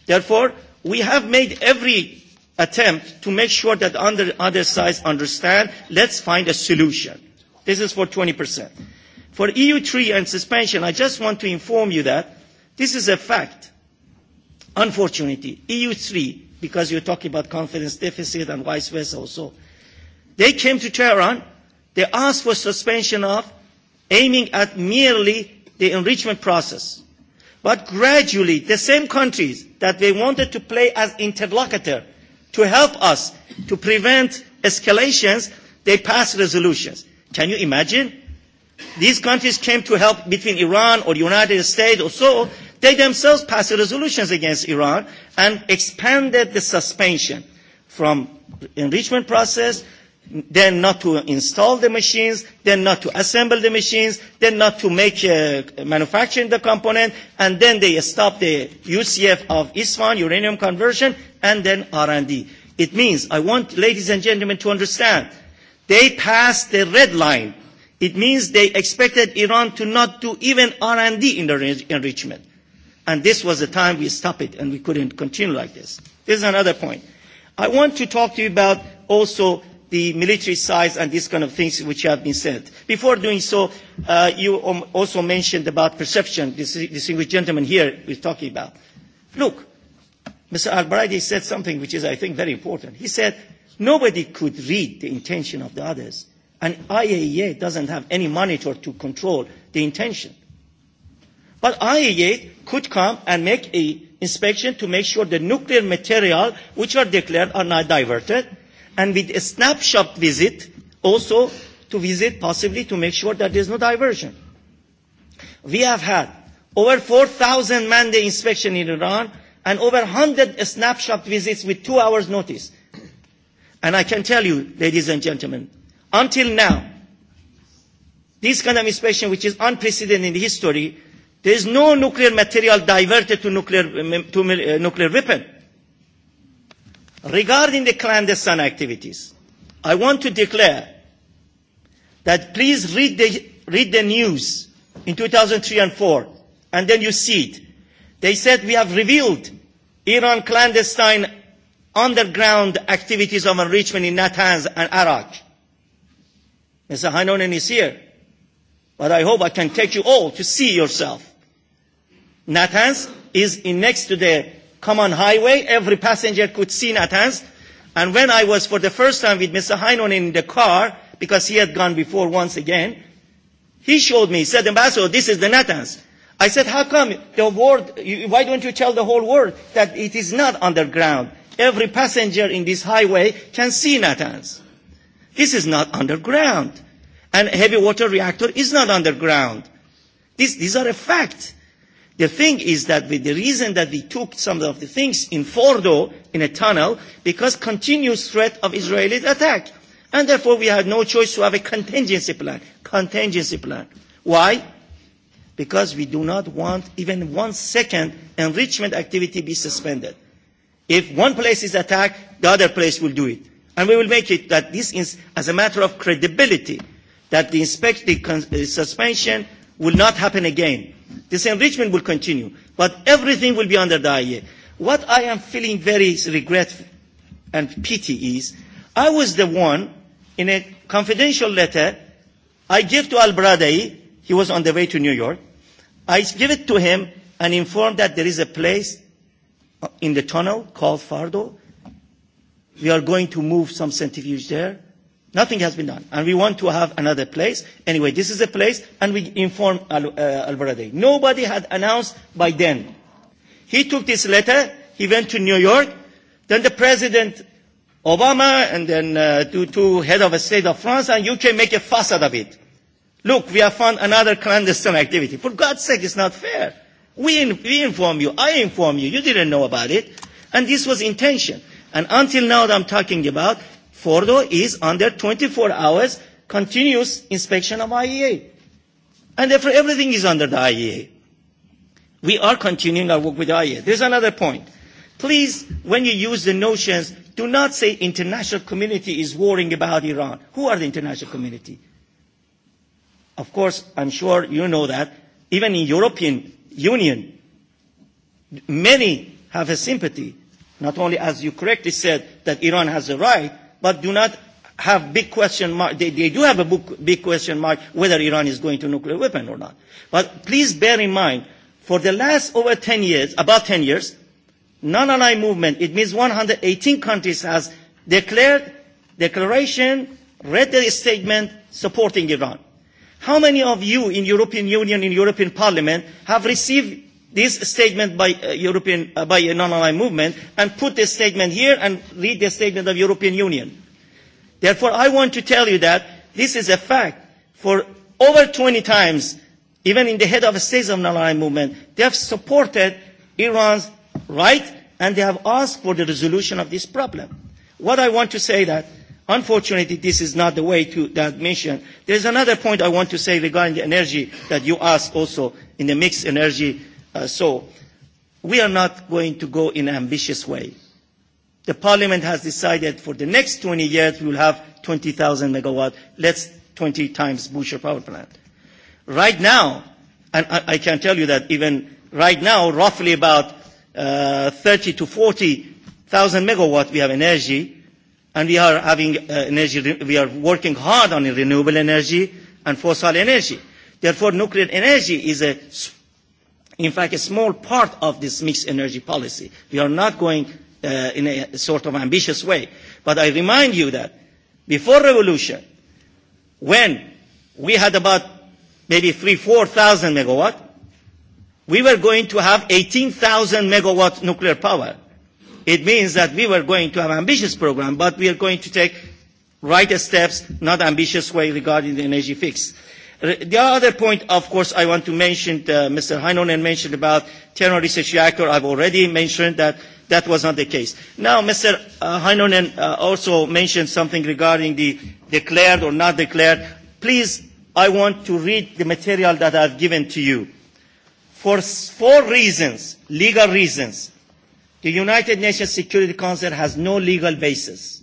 therefore, we have made every attempt to make sure that other sides understand, let's find a solution. This is for 20%. For EU3 and suspension, I just want to inform you that this is a fact. Unfortunately, EU3, because you're talking about confidence deficit and vice versa also, They came to Tehran. They asked for suspension of aiming at merely the enrichment process. But gradually, the same countries that they wanted to play as interlocutor to help us to prevent escalations, they passed resolutions. Can you imagine? These countries came to help between Iran or the United States or so. They themselves passed resolutions against Iran and expanded the suspension from enrichment process then not to install the machines, then not to assemble the machines, then not to make manufacturing the component, and then they stop the UCF of ISFAN, uranium conversion, and then R&D. It means, I want ladies and gentlemen to understand, they passed the red line. It means they expected Iran to not do even R&D in the enrichment. And this was the time we stopped it, and we couldn't continue like this. This is another point. I want to talk to you about also the military size and these kind of things which have been said. Before doing so, you also mentioned about perception. This distinguished gentleman here is talking about. Look, Mr. al said something which is, I think, very important. He said, nobody could read the intention of the others, and IAEA doesn't have any monitor to control the intention. But IAEA could come and make an inspection to make sure the nuclear material which are declared are not diverted, and with a snapshot visit also to visit possibly to make sure that there is no diversion. We have had over 4,000 man-day inspection in Iran and over 100 snapshot visits with two hours notice. And I can tell you, ladies and gentlemen, until now, this kind of inspection, which is unprecedented in history, there is no nuclear material diverted to nuclear, to nuclear weapon. Regarding the clandestine activities, I want to declare that please read the, read the news in 2003 and 4, and then you see it. They said we have revealed Iran clandestine underground activities of enrichment in Natanz and Iraq. Mr. Hanonen is here, but I hope I can take you all to see yourself. Natanz is in next to the common highway. Every passenger could see Natanz. And when I was for the first time with Mr. Heinonen in the car, because he had gone before once again, he showed me, said, Ambassador, this is the Natanz. I said, how come the world, why don't you tell the whole world that it is not underground? Every passenger in this highway can see Natanz. This is not underground. And heavy water reactor is not underground. these are a fact. The thing is that the reason that we took some of the things in Fordo in a tunnel because continuous threat of Israeli attack. And therefore we had no choice to have a contingency plan. Contingency plan. Why? Because we do not want even one second enrichment activity be suspended. If one place is attacked, the other place will do it. And we will make it that this is as a matter of credibility that the suspension will not happen again This enrichment will continue, but everything will be under the IEA. What I am feeling very regret and pity is, I was the one, in a confidential letter, I gave to Al-Bradai, he was on the way to New York, I gave it to him and informed that there is a place in the tunnel called Fardo. We are going to move some centrifuge there Nothing has been done. And we want to have another place. Anyway, this is a place, and we inform al Nobody had announced by then. He took this letter. He went to New York. Then the President Obama and then two head of the state of France and UK make a fuss out of it. Look, we have found another clandestine activity. For God's sake, it's not fair. We, we inform you. I inform you. You didn't know about it. And this was intention. And until now that I'm talking about, Fordo is under 24 hours continuous inspection of IEA. And therefore everything is under the IEA. We are continuing our work with IEA. There's another point. Please, when you use the notions, do not say international community is worrying about Iran. Who are the international community? Of course, I'm sure you know that. Even in European Union, many have a sympathy. Not only, as you correctly said, that Iran has a right, but do not have big question mark. They, they do have a big question mark whether Iran is going to nuclear weapon or not. But please bear in mind, for the last over 10 years, about 10 years, non-aligned movement, it means 118 countries has declared declaration, read the statement supporting Iran. How many of you in European Union, in European Parliament, have received this statement by European by a non-aligned movement and put this statement here and read the statement of European Union. Therefore, I want to tell you that this is a fact. For over 20 times, even in the head of states of non-aligned movement, they have supported Iran's right and they have asked for the resolution of this problem. What I want to say that, unfortunately, this is not the way to that mission. There is another point I want to say regarding the energy that you asked also in the mixed energy So we are not going to go in an ambitious way. The Parliament has decided for the next 20 years we will have 20,000 megawatt. Let's 20 times Boucher power plant. Right now, and I can tell you that even right now, roughly about 30 to 40,000 megawatt we have energy, and we are having energy. We are working hard on renewable energy and fossil energy. Therefore, nuclear energy is a in fact, a small part of this mixed energy policy. We are not going in a sort of ambitious way. But I remind you that before revolution, when we had about maybe 3,000, 4,000 megawatt, we were going to have 18,000 megawatt nuclear power. It means that we were going to have ambitious program, but we are going to take right steps, not ambitious way regarding the energy fix. The other point, of course, I want to mention, Mr. Heinonen mentioned about terror research reactor. I've already mentioned that that was not the case. Now, Mr. Heinonen also mentioned something regarding the declared or not declared. Please, I want to read the material that I've given to you. For four reasons, legal reasons, the United Nations Security Council has no legal basis.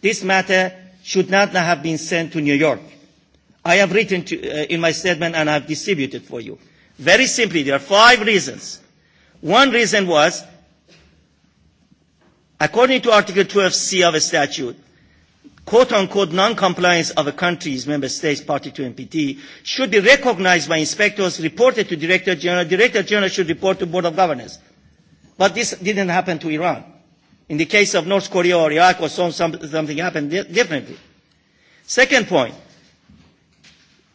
This matter should not have been sent to New York. I have written in my statement and I have distributed for you. Very simply, there are five reasons. One reason was, according to Article 12C of a statute, quote-unquote non-compliance of a country's member states party to NPT should be recognized by inspectors, reported to Director General. Director General should report to Board of Governors. But this didn't happen to Iran. In the case of North Korea or Iraq or some something happened differently. Second point,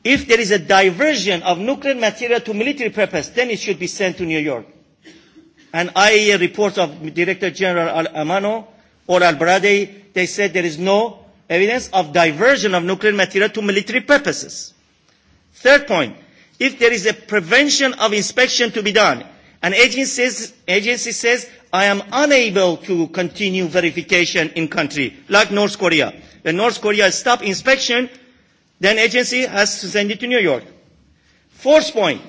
If there is a diversion of nuclear material to military purpose, then it should be sent to New York. And IAEA reports of Director General Al Amano or Al-Brade, they said there is no evidence of diversion of nuclear material to military purposes. Third point, if there is a prevention of inspection to be done, an agency says, I am unable to continue verification in country, like North Korea. When North Korea stopped inspection, then agency has to send it to New York. Fourth point,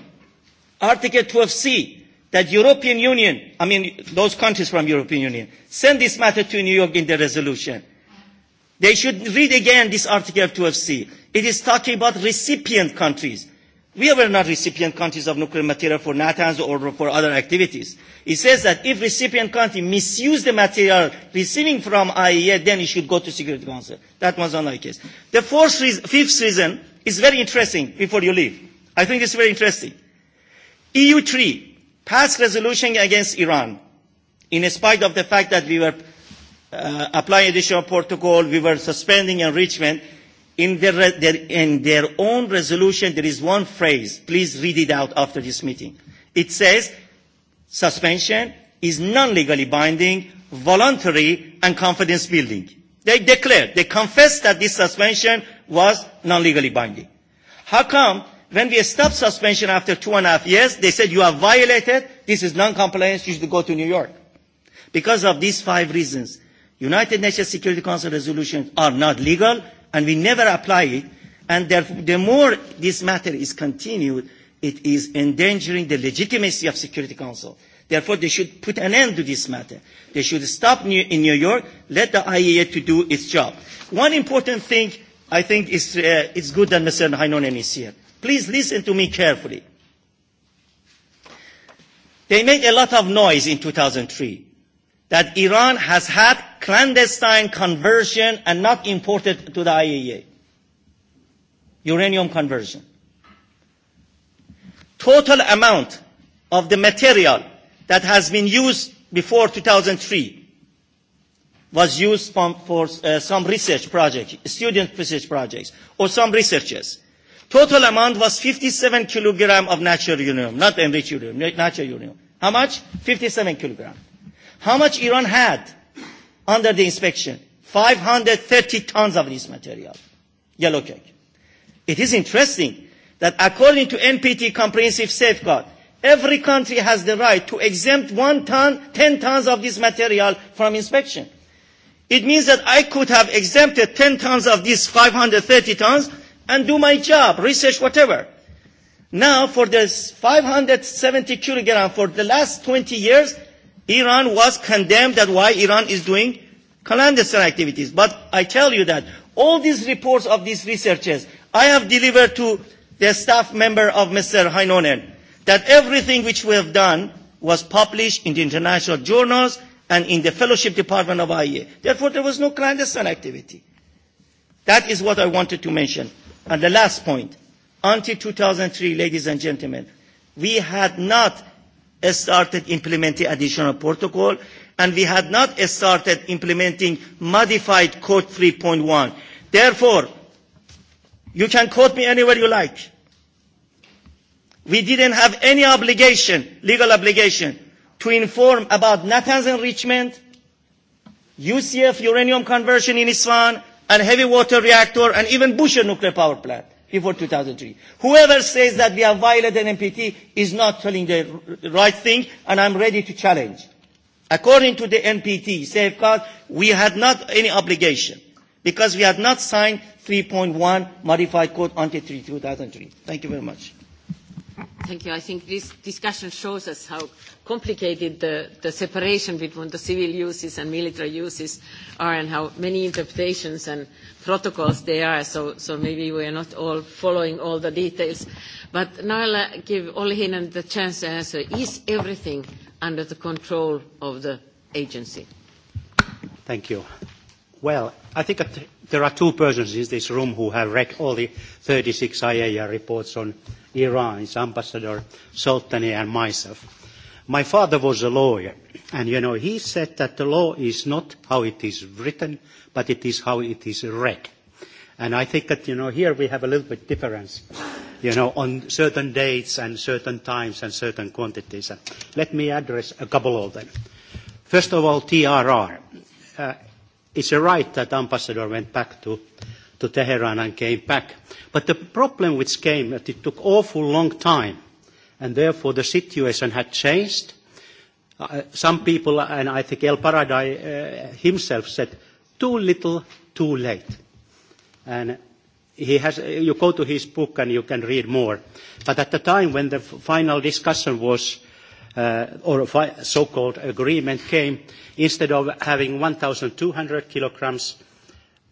Article 12C, that European Union, I mean those countries from European Union, send this matter to New York in the resolution. They should read again this Article 12C. It is talking about recipient countries we were not recipient countries of nuclear material for NATANs or for other activities. It says that if recipient country misuse the material receiving from IAEA, then it should go to Security Council. That was another case. The fourth fifth reason is very interesting before you leave. I think it's very interesting. EU3 passed resolution against Iran in spite of the fact that we were applying additional protocol, we were suspending enrichment, In their own resolution, there is one phrase. Please read it out after this meeting. It says, suspension is non-legally binding, voluntary, and confidence-building. They declared, they confessed that this suspension was non-legally binding. How come when we stopped suspension after two and a half years, they said you have violated, this is non-compliance, you should go to New York. Because of these five reasons, United Nations Security Council resolutions are not legal, and we never apply it, and therefore the more this matter is continued, it is endangering the legitimacy of Security Council. Therefore, they should put an end to this matter. They should stop in New York, let the IAEA to do its job. One important thing I think is it's good that Mr. Hainonen is here. Please listen to me carefully. They made a lot of noise in 2003 that Iran has had clandestine conversion and not imported to the IAEA. Uranium conversion. Total amount of the material that has been used before 2003 was used for some research projects, student research projects, or some researchers. Total amount was 57 kilograms of natural uranium, not enriched uranium, natural uranium. How much? 57 kilograms. How much Iran had under the inspection 530 tons of this material, yellow cake. It is interesting that according to NPT comprehensive safeguard, every country has the right to exempt one ton, 10 tons of this material from inspection. It means that I could have exempted 10 tons of these 530 tons and do my job, research, whatever. Now, for this 570 kilogram for the last 20 years, Iran was condemned that why Iran is doing clandestine activities. But I tell you that all these reports of these researchers, I have delivered to the staff member of Mr. Heinonen that everything which we have done was published in the international journals and in the fellowship department of IEA. Therefore, there was no clandestine activity. That is what I wanted to mention. And the last point, until 2003, ladies and gentlemen, we had not started implementing additional protocol and we had not started implementing modified code 3.1. Therefore, you can quote me anywhere you like. We didn't have any obligation, legal obligation, to inform about Natanz enrichment, UCF uranium conversion in Isfahan, and heavy water reactor, and even Busher nuclear power plant before 2003. Whoever says that we have violated NPT is not telling the right thing, and I'm ready to challenge. According to the NPT safeguard, we had not any obligation because we had not signed 3.1 modified code until 2003. Thank you very much. Thank you. I think this discussion shows us how complicated the separation between the civil uses and military uses are and how many interpretations and protocols there are. So maybe we are not all following all the details. But now I'll give Olli the chance to answer. Is everything under the control of the agency? Thank Well, I think there are two persons in this room who have read all the 36 IAEA reports on Iran's Ambassador Sultani and myself. My father was a lawyer, and you know he said that the law is not how it is written, but it is how it is read. And I think that you know here we have a little bit difference, you know, on certain dates and certain times and certain quantities. Let me address a couple of them. First of all, TRR. It's a right that Ambassador went back to to Tehran and came back. But the problem which came that it took awful long time and therefore the situation had changed. Some people, and I think El Paradai himself said, too little, too late. And he has, you go to his book and you can read more. But at the time when the final discussion was, or so-called agreement came, instead of having 1,200 kilograms,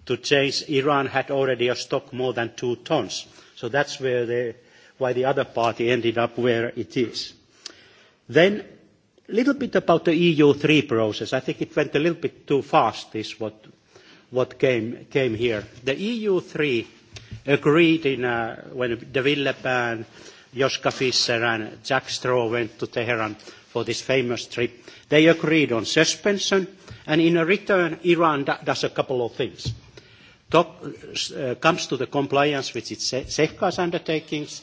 to change, Iran had already a stock more than two tons. So that's where why the other party ended up where it is. Then a little bit about the EU3 process. I think it went a little bit too fast, is what came here. The EU3 agreed in when de Villepin, Joska Fischer and Jack Straw went to Tehran for this famous trip. They agreed on suspension, and in return, Iran does a couple of things comes to the compliance with its safeguards undertakings,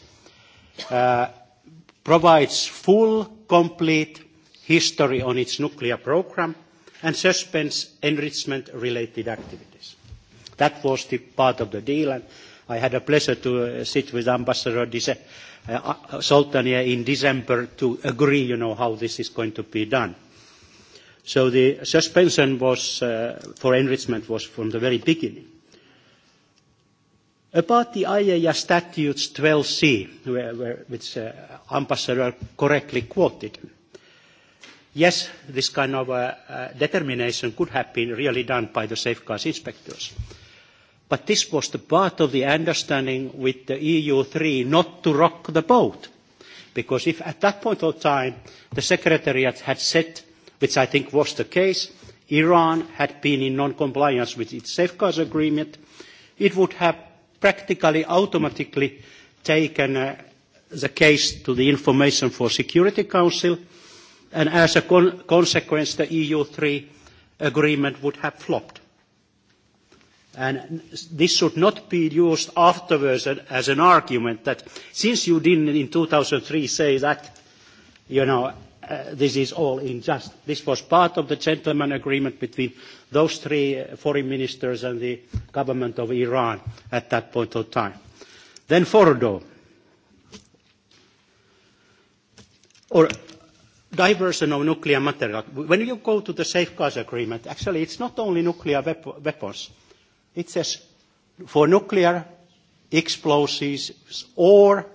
provides full, complete history on its nuclear program and suspends enrichment-related activities. That was the part of the deal, and I had a pleasure to sit with Ambassador Soltania in December to agree, you know, how this is going to be done. So the suspension was for enrichment was from the very beginning. About the IAEA Statutes 12c, which Ambassador correctly quoted, yes, this kind of determination could have been really done by the safeguards inspectors. But this was the part of the understanding with the EU3 not to rock the boat. Because if at that point of time the Secretariat had said, which I think was the case, Iran had been in non-compliance with its safeguards agreement, it would have practically automatically taken the case to the Information for Security Council, and as a consequence, the EU3 agreement would have flopped. And this should not be used afterwards as an argument that since you didn't in 2003 say that, you know, this is all unjust. This was part of the gentleman agreement between those three foreign ministers and the government of Iran at that point of time. Then Fordo, or diversion of nuclear material. When you go to the safeguards agreement, actually it's not only nuclear weapons. It says for nuclear explosives or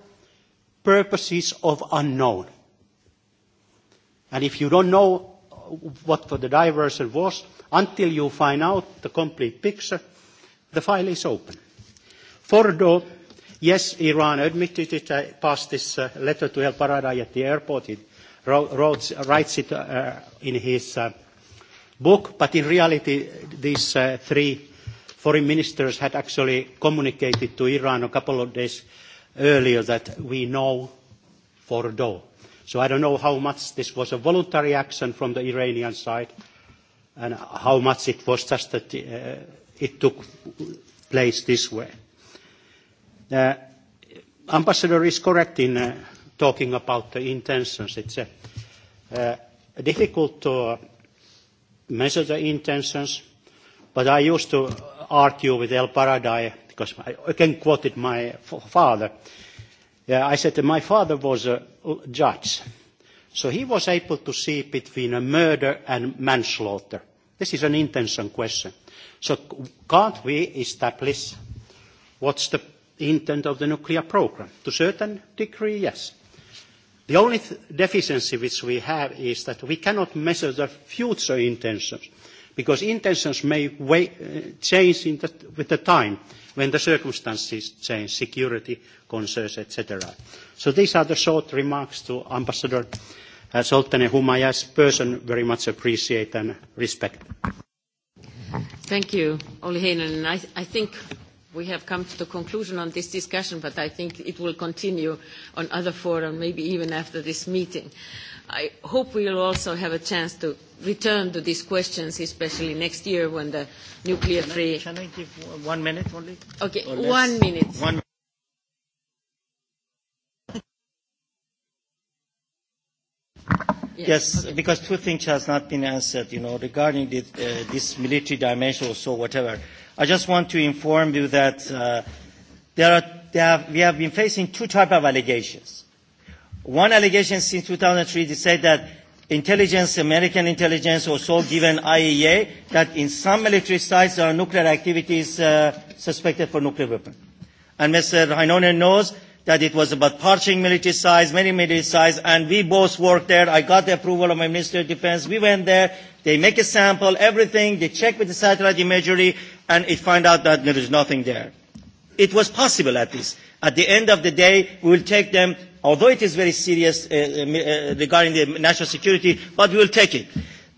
purposes of unknown. And if you don't know what the diversion was, until you find out the complete picture, the file is open. Fordo, yes, Iran admitted it. I passed this letter to El Paradai at the airport. He writes it in his book, but in reality these three foreign ministers had actually communicated to Iran a couple of days earlier that we know Fordo So I don't know how much this was a voluntary action from the Iranian side and how much it was just that it took place this way. The ambassador is correct in talking about the intentions. It's difficult to measure the intentions, but I used to argue with El Paradai, because I again quoted my father, I said that my father was a judge, so he was able to see between a murder and manslaughter. This is an intention question. So can't we establish what's the intent of the nuclear program? To a certain degree, yes. The only deficiency which we have is that we cannot measure the future intentions because intentions may change with the time when the circumstances change, security concerns, etc. So these are the short remarks to Ambassador Soltene, whom I as person very much appreciate and respect. Thank you, we have come to the conclusion on this discussion, but I think it will continue on other fora, maybe even after this meeting. I hope we will also have a chance to return to these questions, especially next year when the nuclear-free... Can I give one minute only? Okay, one minute. Yes, because two things has not been answered, you know, regarding this military dimension or so, whatever. I just want to inform you that there are we have been facing two types of allegations. One allegation since 2003 they said that intelligence, American intelligence or so given IEA that in some military sites there are nuclear activities suspected for nuclear weapons. And Mr. Heinonen knows that it was about parching military sites, many military sites, and we both worked there. I got the approval of my Minister of Defense. We went there. They make a sample, everything. They check with the satellite imagery and it find out that there is nothing there. It was possible at least. At the end of the day, we will take them, although it is very serious regarding the national security, but we will take it.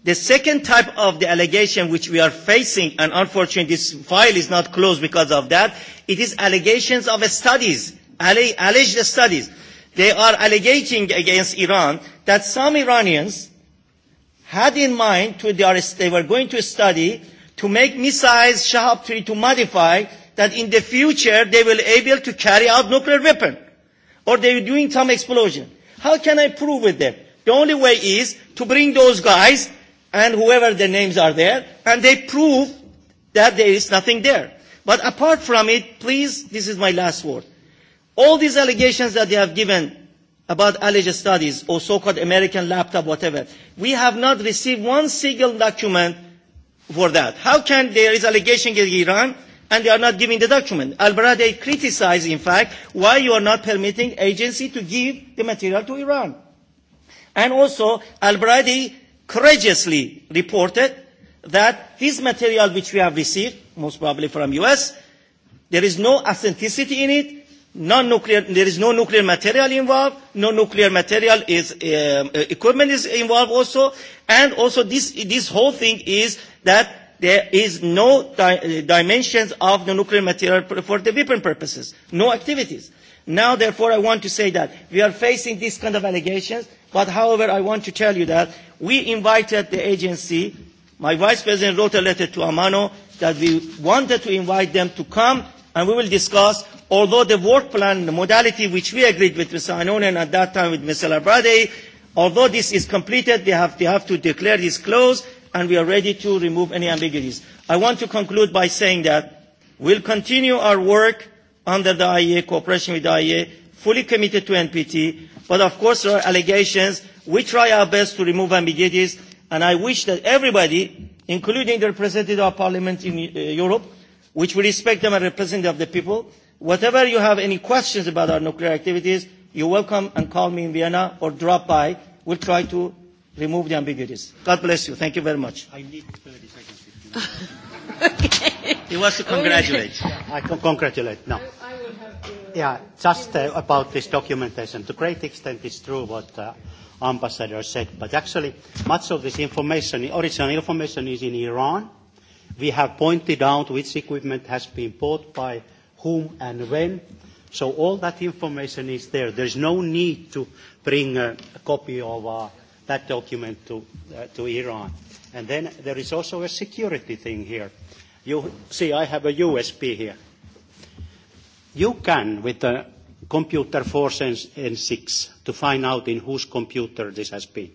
The second type of the allegation which we are facing, and unfortunately this file is not closed because of that, it is allegations of studies, alleged studies. They are allegating against Iran that some Iranians had in mind to they were going to study to make missiles Shahab 3 to modify that in the future they will able to carry out nuclear weapon or they are doing some explosion. How can I prove with them? The only way is to bring those guys and whoever their names are there and they prove that there is nothing there. But apart from it, please, this is my last word. All these allegations that they have given about alleged studies or so-called American laptop, whatever, we have not received one single document for that. How can there is allegation against Iran and they are not giving the document? Al-Baradei criticized, in fact, why you are not permitting agency to give the material to Iran. And also, Al-Baradei courageously reported that his material which we have received, most probably from U.S., there is no authenticity in it, non-nuclear, there is no nuclear material involved, no nuclear material is, equipment is involved also, and also this, this whole thing is that there is no dimensions of the nuclear material for the weapon purposes, no activities. Now, therefore, I want to say that we are facing these kind of allegations, but however, I want to tell you that we invited the agency, my vice president wrote a letter to Amano that we wanted to invite them to come and we will discuss although the work plan the modality which we agreed with Mr. and at that time with Mr. Labrade, although this is completed, they have, to declare this closed and we are ready to remove any ambiguities. I want to conclude by saying that we'll continue our work under the IEA, cooperation with the IEA, fully committed to NPT, but of course there are allegations. We try our best to remove ambiguities and I wish that everybody, including the representative of Parliament in Europe, which we respect them as representative of the people, Whatever you have any questions about our nuclear activities, you're welcome and call me in Vienna or drop by. We'll try to remove the ambiguities. God bless you. Thank you very much. I need 30 seconds. He wants to congratulate. I can congratulate Yeah, just about this documentation. To great extent, it's true what ambassador said, but actually much of this information, original information, is in Iran. We have pointed out which equipment has been bought by whom and when. So all that information is there. There is no need to bring a copy of that document to Iran. And then there is also a security thing here. You see, I have a USB here. You can, with a computer 4 and 6 to find out in whose computer this has been.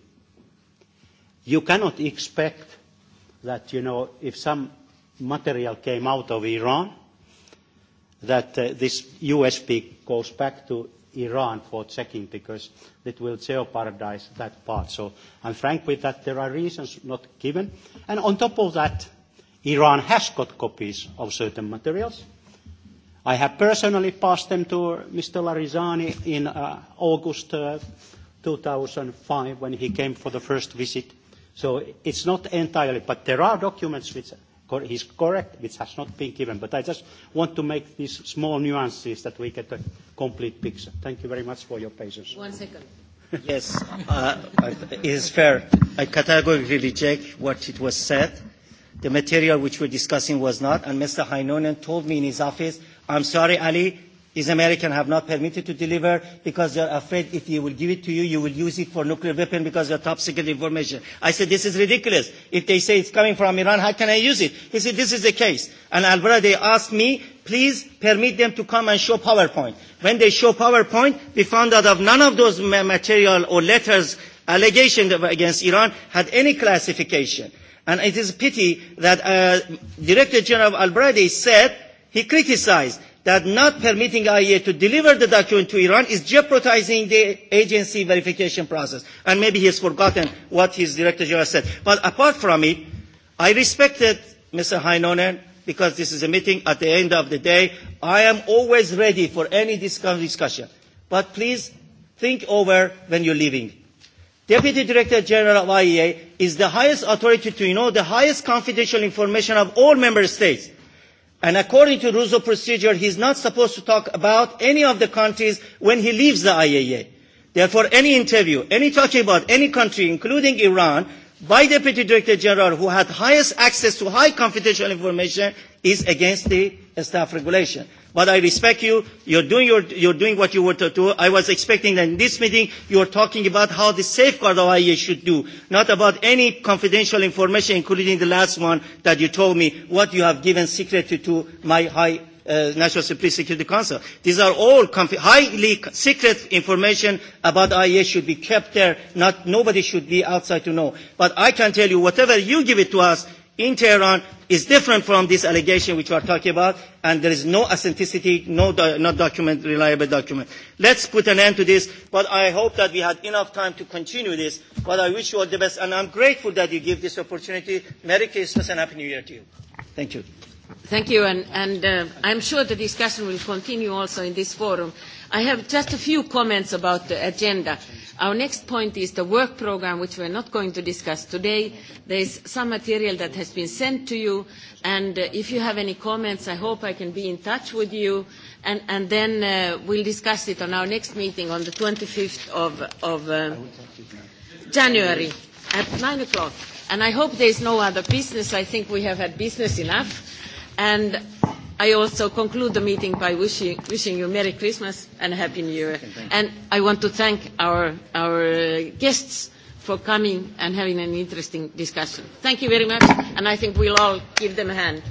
You cannot expect that, you know, if some material came out of Iran, that this USP goes back to Iran for checking because it will jeopardize that part. So I'm frank with that. There are reasons not given. And on top of that, Iran has got copies of certain materials. I have personally passed them to Mr. Larizani in August 2005 when he came for the first visit. So it's not entirely, but there are documents which is correct, which has not been given. But I just want to make these small nuances that we get a complete picture. Thank you very much for your patience. One second. Yes, it is fair. I categorically reject what it was said. The material which we're discussing was not, and Mr. Heinonen told me in his office, I'm sorry, Ali, These Americans have not permitted to deliver because they are afraid if you will give it to you, you will use it for nuclear weapon because of top secret information. I said, this is ridiculous. If they say it's coming from Iran, how can I use it? He said, this is the case. And Al they asked me, please permit them to come and show PowerPoint. When they show PowerPoint, we found out of none of those material or letters allegations against Iran had any classification. And it is a pity that Director General Albrady said he criticized that not permitting IEA to deliver the document to Iran is jeopardizing the agency verification process. And maybe he has forgotten what his director general said. But apart from it, I respected Mr. Heinonen because this is a meeting at the end of the day. I am always ready for any discussion. But please think over when you're leaving. Deputy Director General of IEA is the highest authority to know the highest confidential information of all member states. And according to rules of procedure, he is not supposed to talk about any of the countries when he leaves the IAEA. Therefore, any interview, any talking about any country, including Iran, by Deputy Director General, who had highest access to high confidential information, is against the staff regulation. But I respect you. You're doing, doing what you were to do. I was expecting that in this meeting you were talking about how the safeguard of IEA should do, not about any confidential information, including the last one that you told me, what you have given secretly to my high National Security Council. These are all highly secret information about IEA should be kept there. Not nobody should be outside to know. But I can tell you, whatever you give it to us, in Tehran is different from this allegation which we are talking about, and there is no authenticity, no not document, reliable document. Let's put an end to this, but I hope that we had enough time to continue this, but I wish you all the best, and I'm grateful that you give this opportunity. Merry Christmas and Happy New Year to you. Thank you. Thank you, and I'm sure the discussion will continue also in this forum. I have just a few comments about the agenda. Our next point is the work programme, which we are not going to discuss today. There is some material that has been sent to you, and if you have any comments, I hope I can be in touch with you, and then we'll discuss it on our next meeting on the 25th of January at 9 o'clock. And I hope there is no other business. I think we have had business enough. I also conclude the meeting by wishing you Merry Christmas and a Happy New Year. And I want to thank our guests for coming and having an interesting discussion. Thank you very much, and I think we'll all give them a hand.